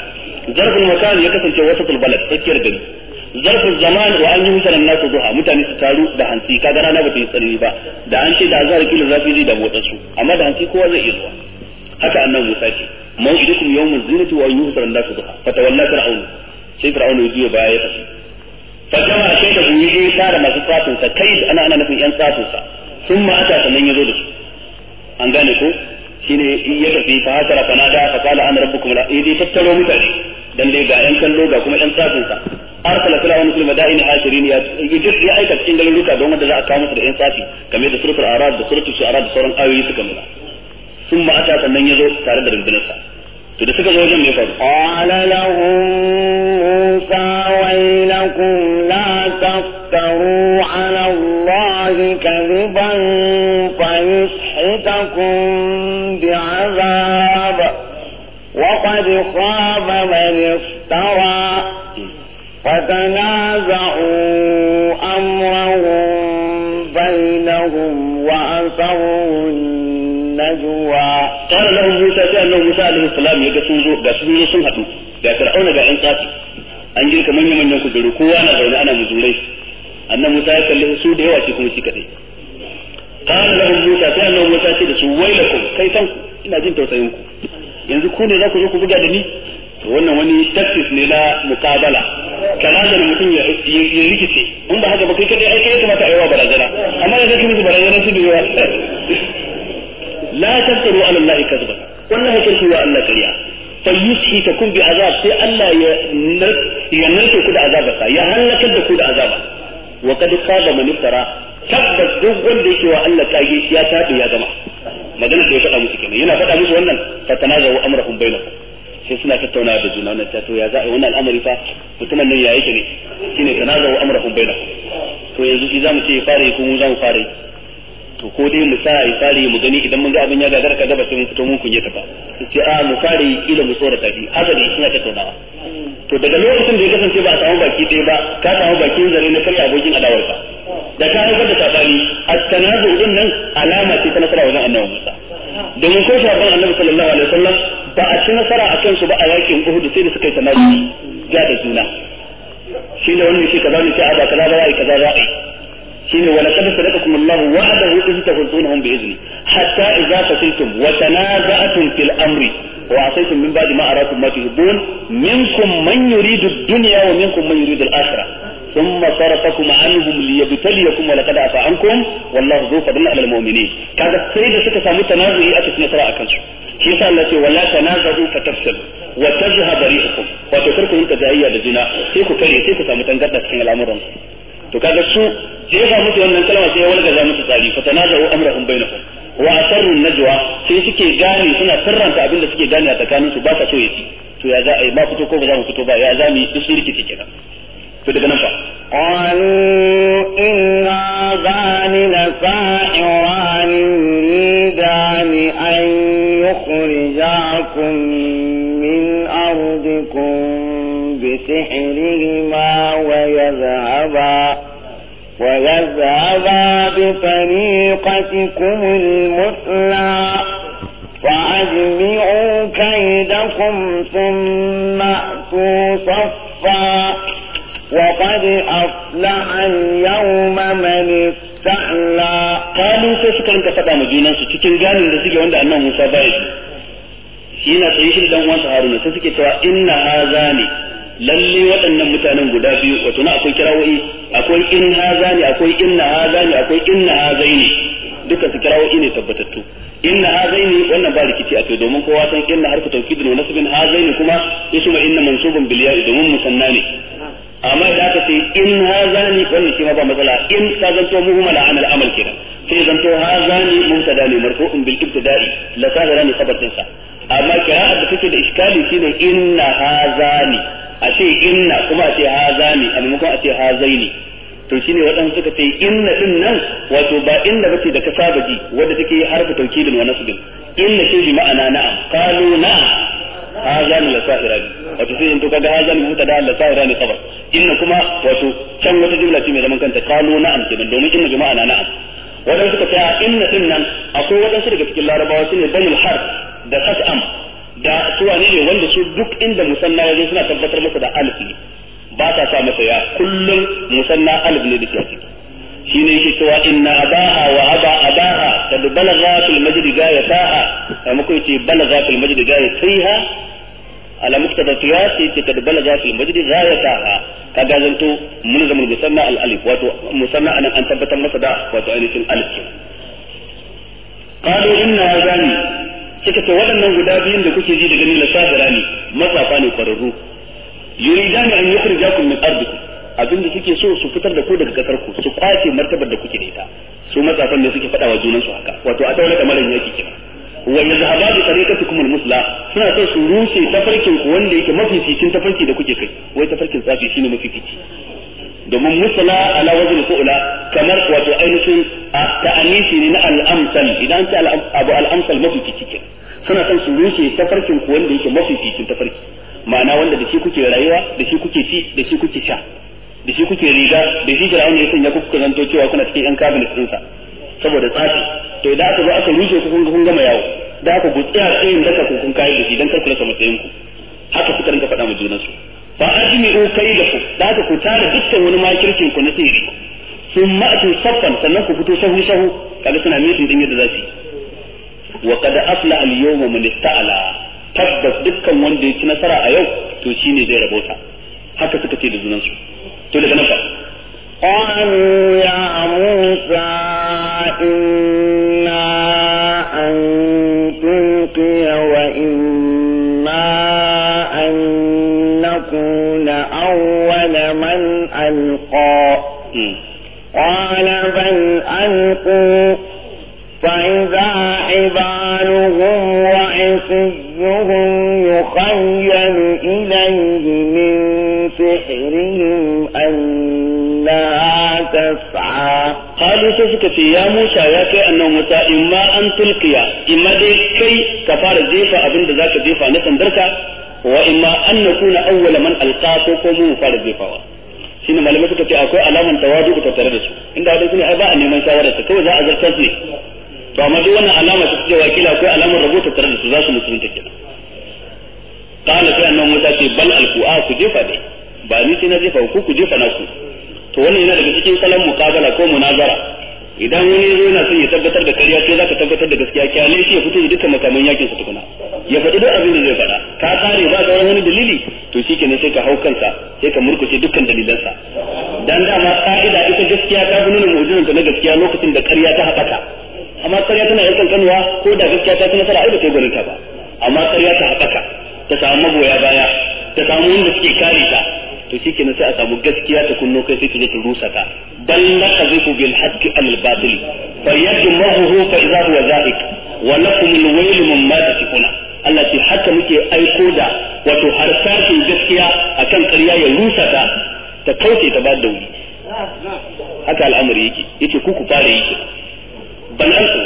zarfin makan ya kasance wasatul balad tsakiyar gari zarfin zaman wa an yi musalan nasu duha mutane su taru da hansi ka gara na bata yi tsanani ba da an ce da azhar kila zafi zai da motsa su amma da hansi kowa zai iya zuwa haka annan Musa ce maw'idukum yawmuz zinati wa tuwa yi musalan nasu duha fatawalla fir'aun sai fir'aun ya juya baya ya tafi fatama sai da buyi ya tara masu tsafinsa sa kai ana ana nufin yan tsafinsa sa sun ma ta sannan ya zo da su an gane ko shine ya tafi fa haka hasara fa nada fa qala ana rabbukum la dai tattaro mutane dan dai ga yan kallo ga kuma yan tsafin sa arsala kala wani sulma da'in ashirin ya ya aika cikin garuruka don wanda za a kawo musu da yan safi kamar da suratul arad da suratul shu'ara da sauran ayoyi suka nuna sun ma'ata sannan yazo tare da rundunarsa to da suka zo wajen mai faru qala lahum فتنازعوا أمرهم بينهم وأسروا النجوى قال لهم موسى قال لهم موسى عليه السلام يا سنزو يا سنزو سنهتو يا فرعون يا إنقاذ an girka manyan manyan kujeru kowa na zaune ana muzurai annan Musa ya kalli su da yawa shi kuma shi kadai qala lahum Musa sai annabi Musa ce da su wailakum kai san ina jin tausayin ku yanzu ku ne za ku zo ku buga da ni to wannan wani tactics ne na muqabala kalazar mutum ya rikice in ba haka ba kai kadai aiki ya kamata a yawa barazana amma da zaka musu barazana su biyu la tafsiru ala allahi kazba wallahi kai shi wa allah kariya fa yushikakum bi azab sai allah ya ya narke ku da sa ya halakar da ku da azaba wa qad qaba man iftara tabbas duk wanda yake wa allah kage ya tabi ya gama magana da ya faɗa musu kenan yana faɗa musu wannan fa tanazawu amrahum bainakum sai suna tattauna da juna wannan to ya za a wannan al'amari fa mutumin nan ya yake ne shine tanazawu amrahum bainahum to yanzu shi zamu ce ya fara yi ko mu zamu fara to ko dai mu sa ya fara mu gani idan mun ga abin ya gagara kaga ba sai mun fito mun kunye ta ba sai a mu fara yi kila mu tsora tafi haka dai suna tattaunawa to daga lokacin da ya kasance ba a samu baki ɗaya ba ka samu baki zare na kai abokin ka da ka haifar da sabani a tanazu din nan alama ce ta nasara wajen annabi Musa domin ko shafin annabi sallallahu alaihi wasallam ba a ci nasara a kansu ba a yakin Uhud sai da suka yi tanaji da juna shi ne wannan shi kaza ne sai a ba kaza ba kaza ba shi ne wala kada sadaqakum Allah wa'adahu idh tahzunhum bi idni hatta idza fasiltum wa tanaza'tum fil amri وعصيتم من بعد ما أراكم ما تحبون منكم من يريد الدنيا ومنكم من يريد الآخرة ثم صرفكم عنهم ليبتليكم ولقد عفا عنكم والله ذو فضل على المؤمنين كذا سيدة ستة سامو تنازعي أتت نصر أكنشو shi yasa Allah ce wala tanazahu fatafsal wa tazhab rihukum wato kar ku yi tajayya da juna sai ku kare sai ku samu tangarda cikin al'amuran to kaga su ga musu wannan kalma sai wani gaza musu tsari fa tanazahu amrahum bainakum wa asarru najwa sai suke gane suna sirranta abin da suke gane a tsakanin su ba sa so yaci to ya za a yi ba fito ko ba za mu fito ba ya za mu yi shirki sun rikice kenan to daga nan fa قالوا إن هذان sa'iran يريدان أن من أرضكم بسحرهما ويذهبا ويذهبا بطريقتكم المثلى فأجمعوا كيدكم ثم أتوا صفا وقد أفلح اليوم من استعلى قالوا فسكن كفتا مجينا ستكن جانب لسيجي عند أنه مصابعي yana tsaye shi dan uwansa Haruna sai suke cewa inna hazani lalle waɗannan mutanen guda biyu wato na akwai kirawo'i akwai in hazani akwai inna hazani akwai inna hazaini dukkan su kirawo'i ne tabbatattu inna hazaini wannan ba rikici a kai domin kowa san inna harfu tawkidin wa nasbin hazaini kuma ismu inna mansubun bil ya'i domin musanna ne amma da aka ce in hazani wannan shi ma ba matsala in ka zanto muhimmala amal amal kenan sai zanto hazani mubtada ne marfu'un bil ibtida'i la kadara ne sabatin sa amma kira'a da take da iskali shine inna haza ne. a ce inna kuma a ce haza ne. a maimakon a ce haza ne. to shine waɗansu suka ce inna din nan wato ba inna bace da ka saba ji wanda take harfi taukidin wa nasbin inna ce bi ma'ana na'am qalu na'am hazani la sahirani wato sai in to kaga hazani mutada la sahirani khabar inna kuma wato can wata jumla ce mai zaman kanta qalu na'am kenan domin inna bi ma'ana na'am waɗansu suka ce inna din nan akwai waɗansu daga cikin larabawa shine banul harf da kas'am da su wane ne wanda su duk inda musanna ya suna tabbatar masa da alif ne ba ta sa masa ya kullum musanna alif ne da ke ciki shi ne yake cewa inna abaha wa aba abaha kad balagha fil majdi gayataha amma muku yace balagha fil majdi gayatiha ala muktada qiyas yace kad balagha fil majdi gayataha kaga zanto zama musanna al alif wato musanna an an tabbatar masa da wato ainihin alif قالوا إنها suka ce waɗannan guda biyun da kuke ji da gani la sahira ne matsafa ne kwararru yuridani an yukhrijakum min ardikum abin da suke so su fitar da ku daga kasar ku su kwace martabar da kuke da ita su matsafan ne suke faɗa wa junan su haka wato a taurata maran yaki kina wa yazhaba bi tariqatikum al-musla suna so su rushe tafarkin ku wanda yake mafificin tafarki da kuke kai wai tafarkin tsafi shine mafifici domin musala ala wajen fu'la kamar wato ainihin a ta'anisi ne na al'amsal idan ta abu al'amsal mafi ciki suna son su rushe tafarkin ku wanda yake mafi fitin tafarki ma'ana wanda da shi kuke rayuwa da shi kuke ci da shi kuke sha da shi kuke riga da shi fir'auna ya sanya kuka zanto cewa kuna cikin yan cabinet ɗinsa saboda tsafi to idan aka zo aka rushe ku kun gama yawo da aka gutsi a tsayin daka ku kun kayi da shi dan kar ku tsayin ku haka suka rinka faɗa ma a fa ajmi'u kai da ku da aka ku tara dukkan wani makirkin ku na sirri sun ma'atu saffan sannan ku fito sahu sahu kaga suna mitin ɗin yadda za su yi wa qad afla al yawma man ista'ala tabbas dukkan wanda ya nasara a yau to shine zai rabota haka suka ce da junansu to daga nan fa قالوا يا موسى إنا أن تلقي وإما أن نكون أول من ألقى قال بل ألقوا فإذا سحرهم يخيل إليه من سحرهم أنها تسعى قالوا سيسك يا موسى يا كي أنه موسى إما أن تلقي إما دي كي كفار جيفة أبن ذاك جيفة نتندرك وإما أن نكون أول من ألقاكم فمو كفار جيفة shine malamai suka ce akwai alaman tawadu ta tare da su inda wadai suna ai ba a neman shawara ta kawai za a zartar ne to amma duk wannan alama ta wa kila akwai alamar rubuta tare da su za su musulunta kenan kana sai annabi Musa ce bal alqua ku jefa dai ba ni sai na jefa ku ku jefa na ku to wannan yana daga cikin kalan muqabala ko munazara idan wani zo yana son ya tabbatar da kariya sai zaka tabbatar da gaskiya kyale shi ya fito da dukkan makaman yakin sa tukuna ya faɗi duk abin da zai faɗa ka kare ba ga wani dalili to shikenan sai ka hau kansa sai ka murkushe dukkan dalilansa dan dama ka'ida ita gaskiya ta fi nuna mu'jizanta na gaskiya lokacin da ƙarya ta haɓaka amma ƙarya tana yin kankanuwa ko da gaskiya ta ci nasara ai ba ta gwaninta ba amma ƙarya ta haɓaka ta samu magoya baya ta samu wanda suke kare ta to shi kenan sai a samu gaskiya ta kunno kai sai ta je ta rusa ka bal naqdhu bil haqqi al batil fa yajmahu fa idha huwa zahik wa lakum al wayl mimma tasifuna Allah ce haka muke aiko da wato har harsashin gaskiya akan ƙarya ya rusa ta ta kauce ta ba da wuri haka al'amari yake yace ku ku fara yake bal antum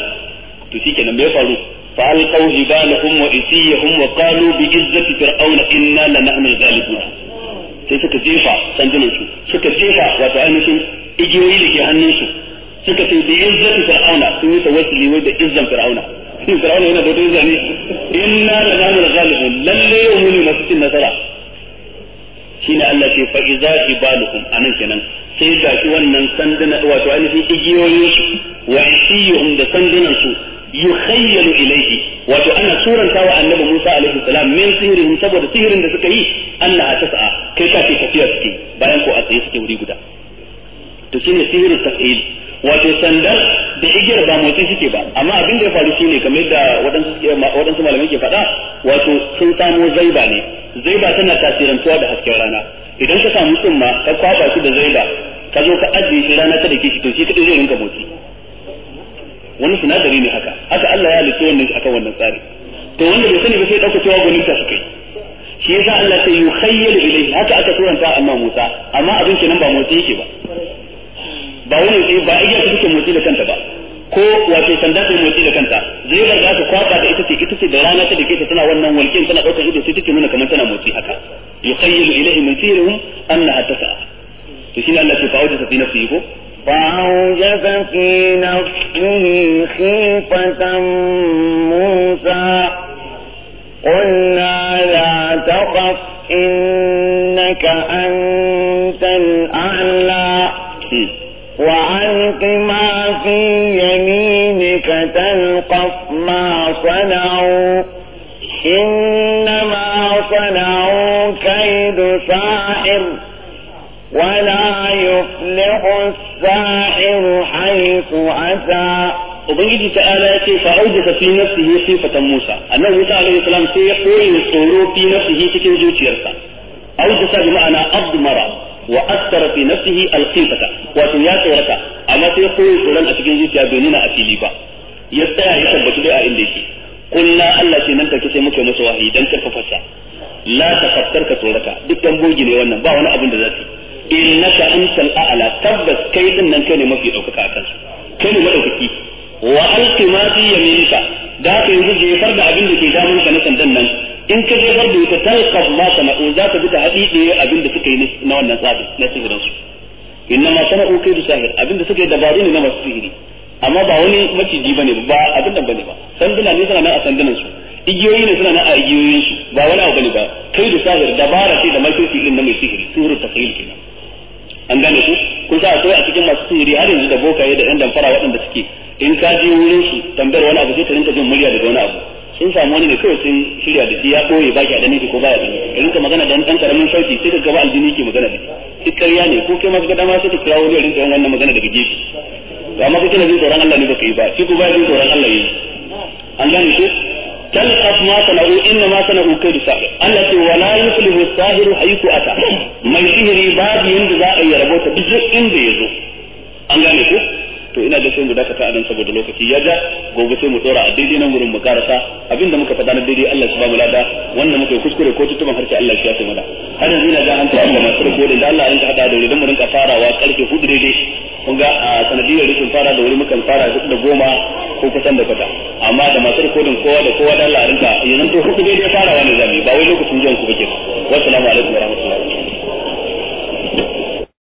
to shikenan me ya faru fa alqaw jibalahum wa isiyahum wa qalu bi izzati fir'auna inna lanahnu al-ghalibun sai suka jefa sandunan su suka jefa wato ainihin igiyoyi da ke hannun su suka ce bi izzati fir'auna sun yi tawassuli wai da izzan fir'auna shin fir'auna yana da izza ne inna lanahnu al-ghalibun lalle mun masu cin nasara shine Allah ce fa iza jibalukum anan kenan sai ga shi wannan sanduna wato ainihin igiyoyin su wa isiyuhum da sandunan su yukhayyalu ilayhi wato ana suranta wa annabi Musa alaihi salam min sihirihim saboda sihirin da suka yi annaha tas'a kai ka ce tafiya suke bayan ko a tsaye suke wuri guda to shine sihiru taf'il wato sandar da igiyar ba motsi suke ba amma abin da ya faru shine kamar da waɗansu waɗansu malamai ke faɗa wato sun samo zaiba ne zaiba tana tasirantuwa da hasken rana idan ka samu tsumma ka kwaba shi da zaiba ka zo ka ajiye shi rana ta dake shi to shi kadai zai rinka motsi wani sinadari ne haka haka Allah ya halitta wannan akan wannan tsari to wanda bai sani ba sai dauka cewa gonin ta suke shi yasa Allah sai yukhayyal ilayhi haka aka turanta amma Musa amma abin kenan ba motsi yake ba ba wani sai ba iya take motsi da kanta ba ko wato sanda sai motsi da kanta zai ga za ta kwaba da ita ce ita ce da rana ta dake ta tana wannan walkin tana daukar ido sai take nuna kamar tana motsi haka yukhayyal ilayhi min sirrihim annaha tas'a to shine Allah ke fa'auta fi nafsihi ko فأوجس في نفسه خيفة موسى قلنا لا تخف إنك أنت الأعلى وألق ما في يمينك تلقف ما صنعوا إنما صنعوا كيد ساحر ولا يفعل الخير حيث أتى ubangiji ta ala ya ce fa auja fi nafsihi sifatan Musa annabi Musa alaihi salam sai ya koyi tsoro fi nafsihi cikin zuciyarsa auja ta bi ma'ana abdmara wa asara fi nafsihi alqifata wato ya tsorata amma sai ya koyi tsoron a cikin zuciya bai nuna a fili ba ya tsaya ya tabbatu da a inda yake kullu Allah ce nan take sai muke masa wahayi dan karfafa sa la tafakkar ka tsorata dukkan bogi ne wannan ba wani abin da za su innaka antal a'la tabbas kai din nan kai ne mafi daukaka akan su kai ne madaukaki wa alqi ma fi yaminka da ka yanzu far da abin da ke damun ka na sandan nan in ka je jefar da ita talqaf ma sana'u za ka bi ta haɗiɗe abin da suka yi na wannan tsabi na sihirin su innama sana'u kaidu sahir abin da suka yi dabaru ne na masu sihiri amma ba wani maciji bane ba abin nan bane ba sanduna ne suna nan a sandunan su igiyoyi ne suna nan a igiyoyin su ba wani abu bane ba kai da sahir dabara ce da mafi sihiri na mai sihiri suru tafsir kenan an gane su kun sa akwai a cikin masu sihiri har yanzu da bokaye da yan damfara waɗanda suke in ka je wurin su tambayar wani abu sai ka rinka jin murya daga wani abu sun samu wani ne kawai sun shirya da shi ya ɓoye ba ki a dani ko baya ganin ka rinka magana da ɗan karamin sauki sai ka gaba aljini ke magana da shi ƙarya ne ko kai masu gada ma sai ka kira wani rinka yin wannan magana daga gefe to amma kai kana jin tsoron Allah ne baka yi ba shi ko baya jin tsoron Allah yi an gane shi تلقف ما صنعوا إنما صنعوا كيد ساحر التي ولا يفلح الساحر حيث أتى ما يسهر باب ينجزا أي ربوت بجزء إن بيزو أنجاني كو to ina da sai mu dakata a nan saboda lokaci ya ja gobe sai mu tsora a daidai nan gurin mu karasa abinda muka faɗa na daidai Allah subhanahu wa ta'ala wanda muka yi kuskure ko tutuban harshe Allah shi ya sai mana har yanzu ina ga an ta Allah masu rikodin da Allah an ta hada da wuri dan mu rinka farawa karfe hudu daidai kun ga sanadiyar rikin fara da wuri mukan fara duk da goma ko kusan da kwata amma da masu rikodin kowa da kowa da Allah yanzu to hudu daidai farawa ne zabi ba wai lokacin jiyan ku bake wassalamu alaikum warahmatullahi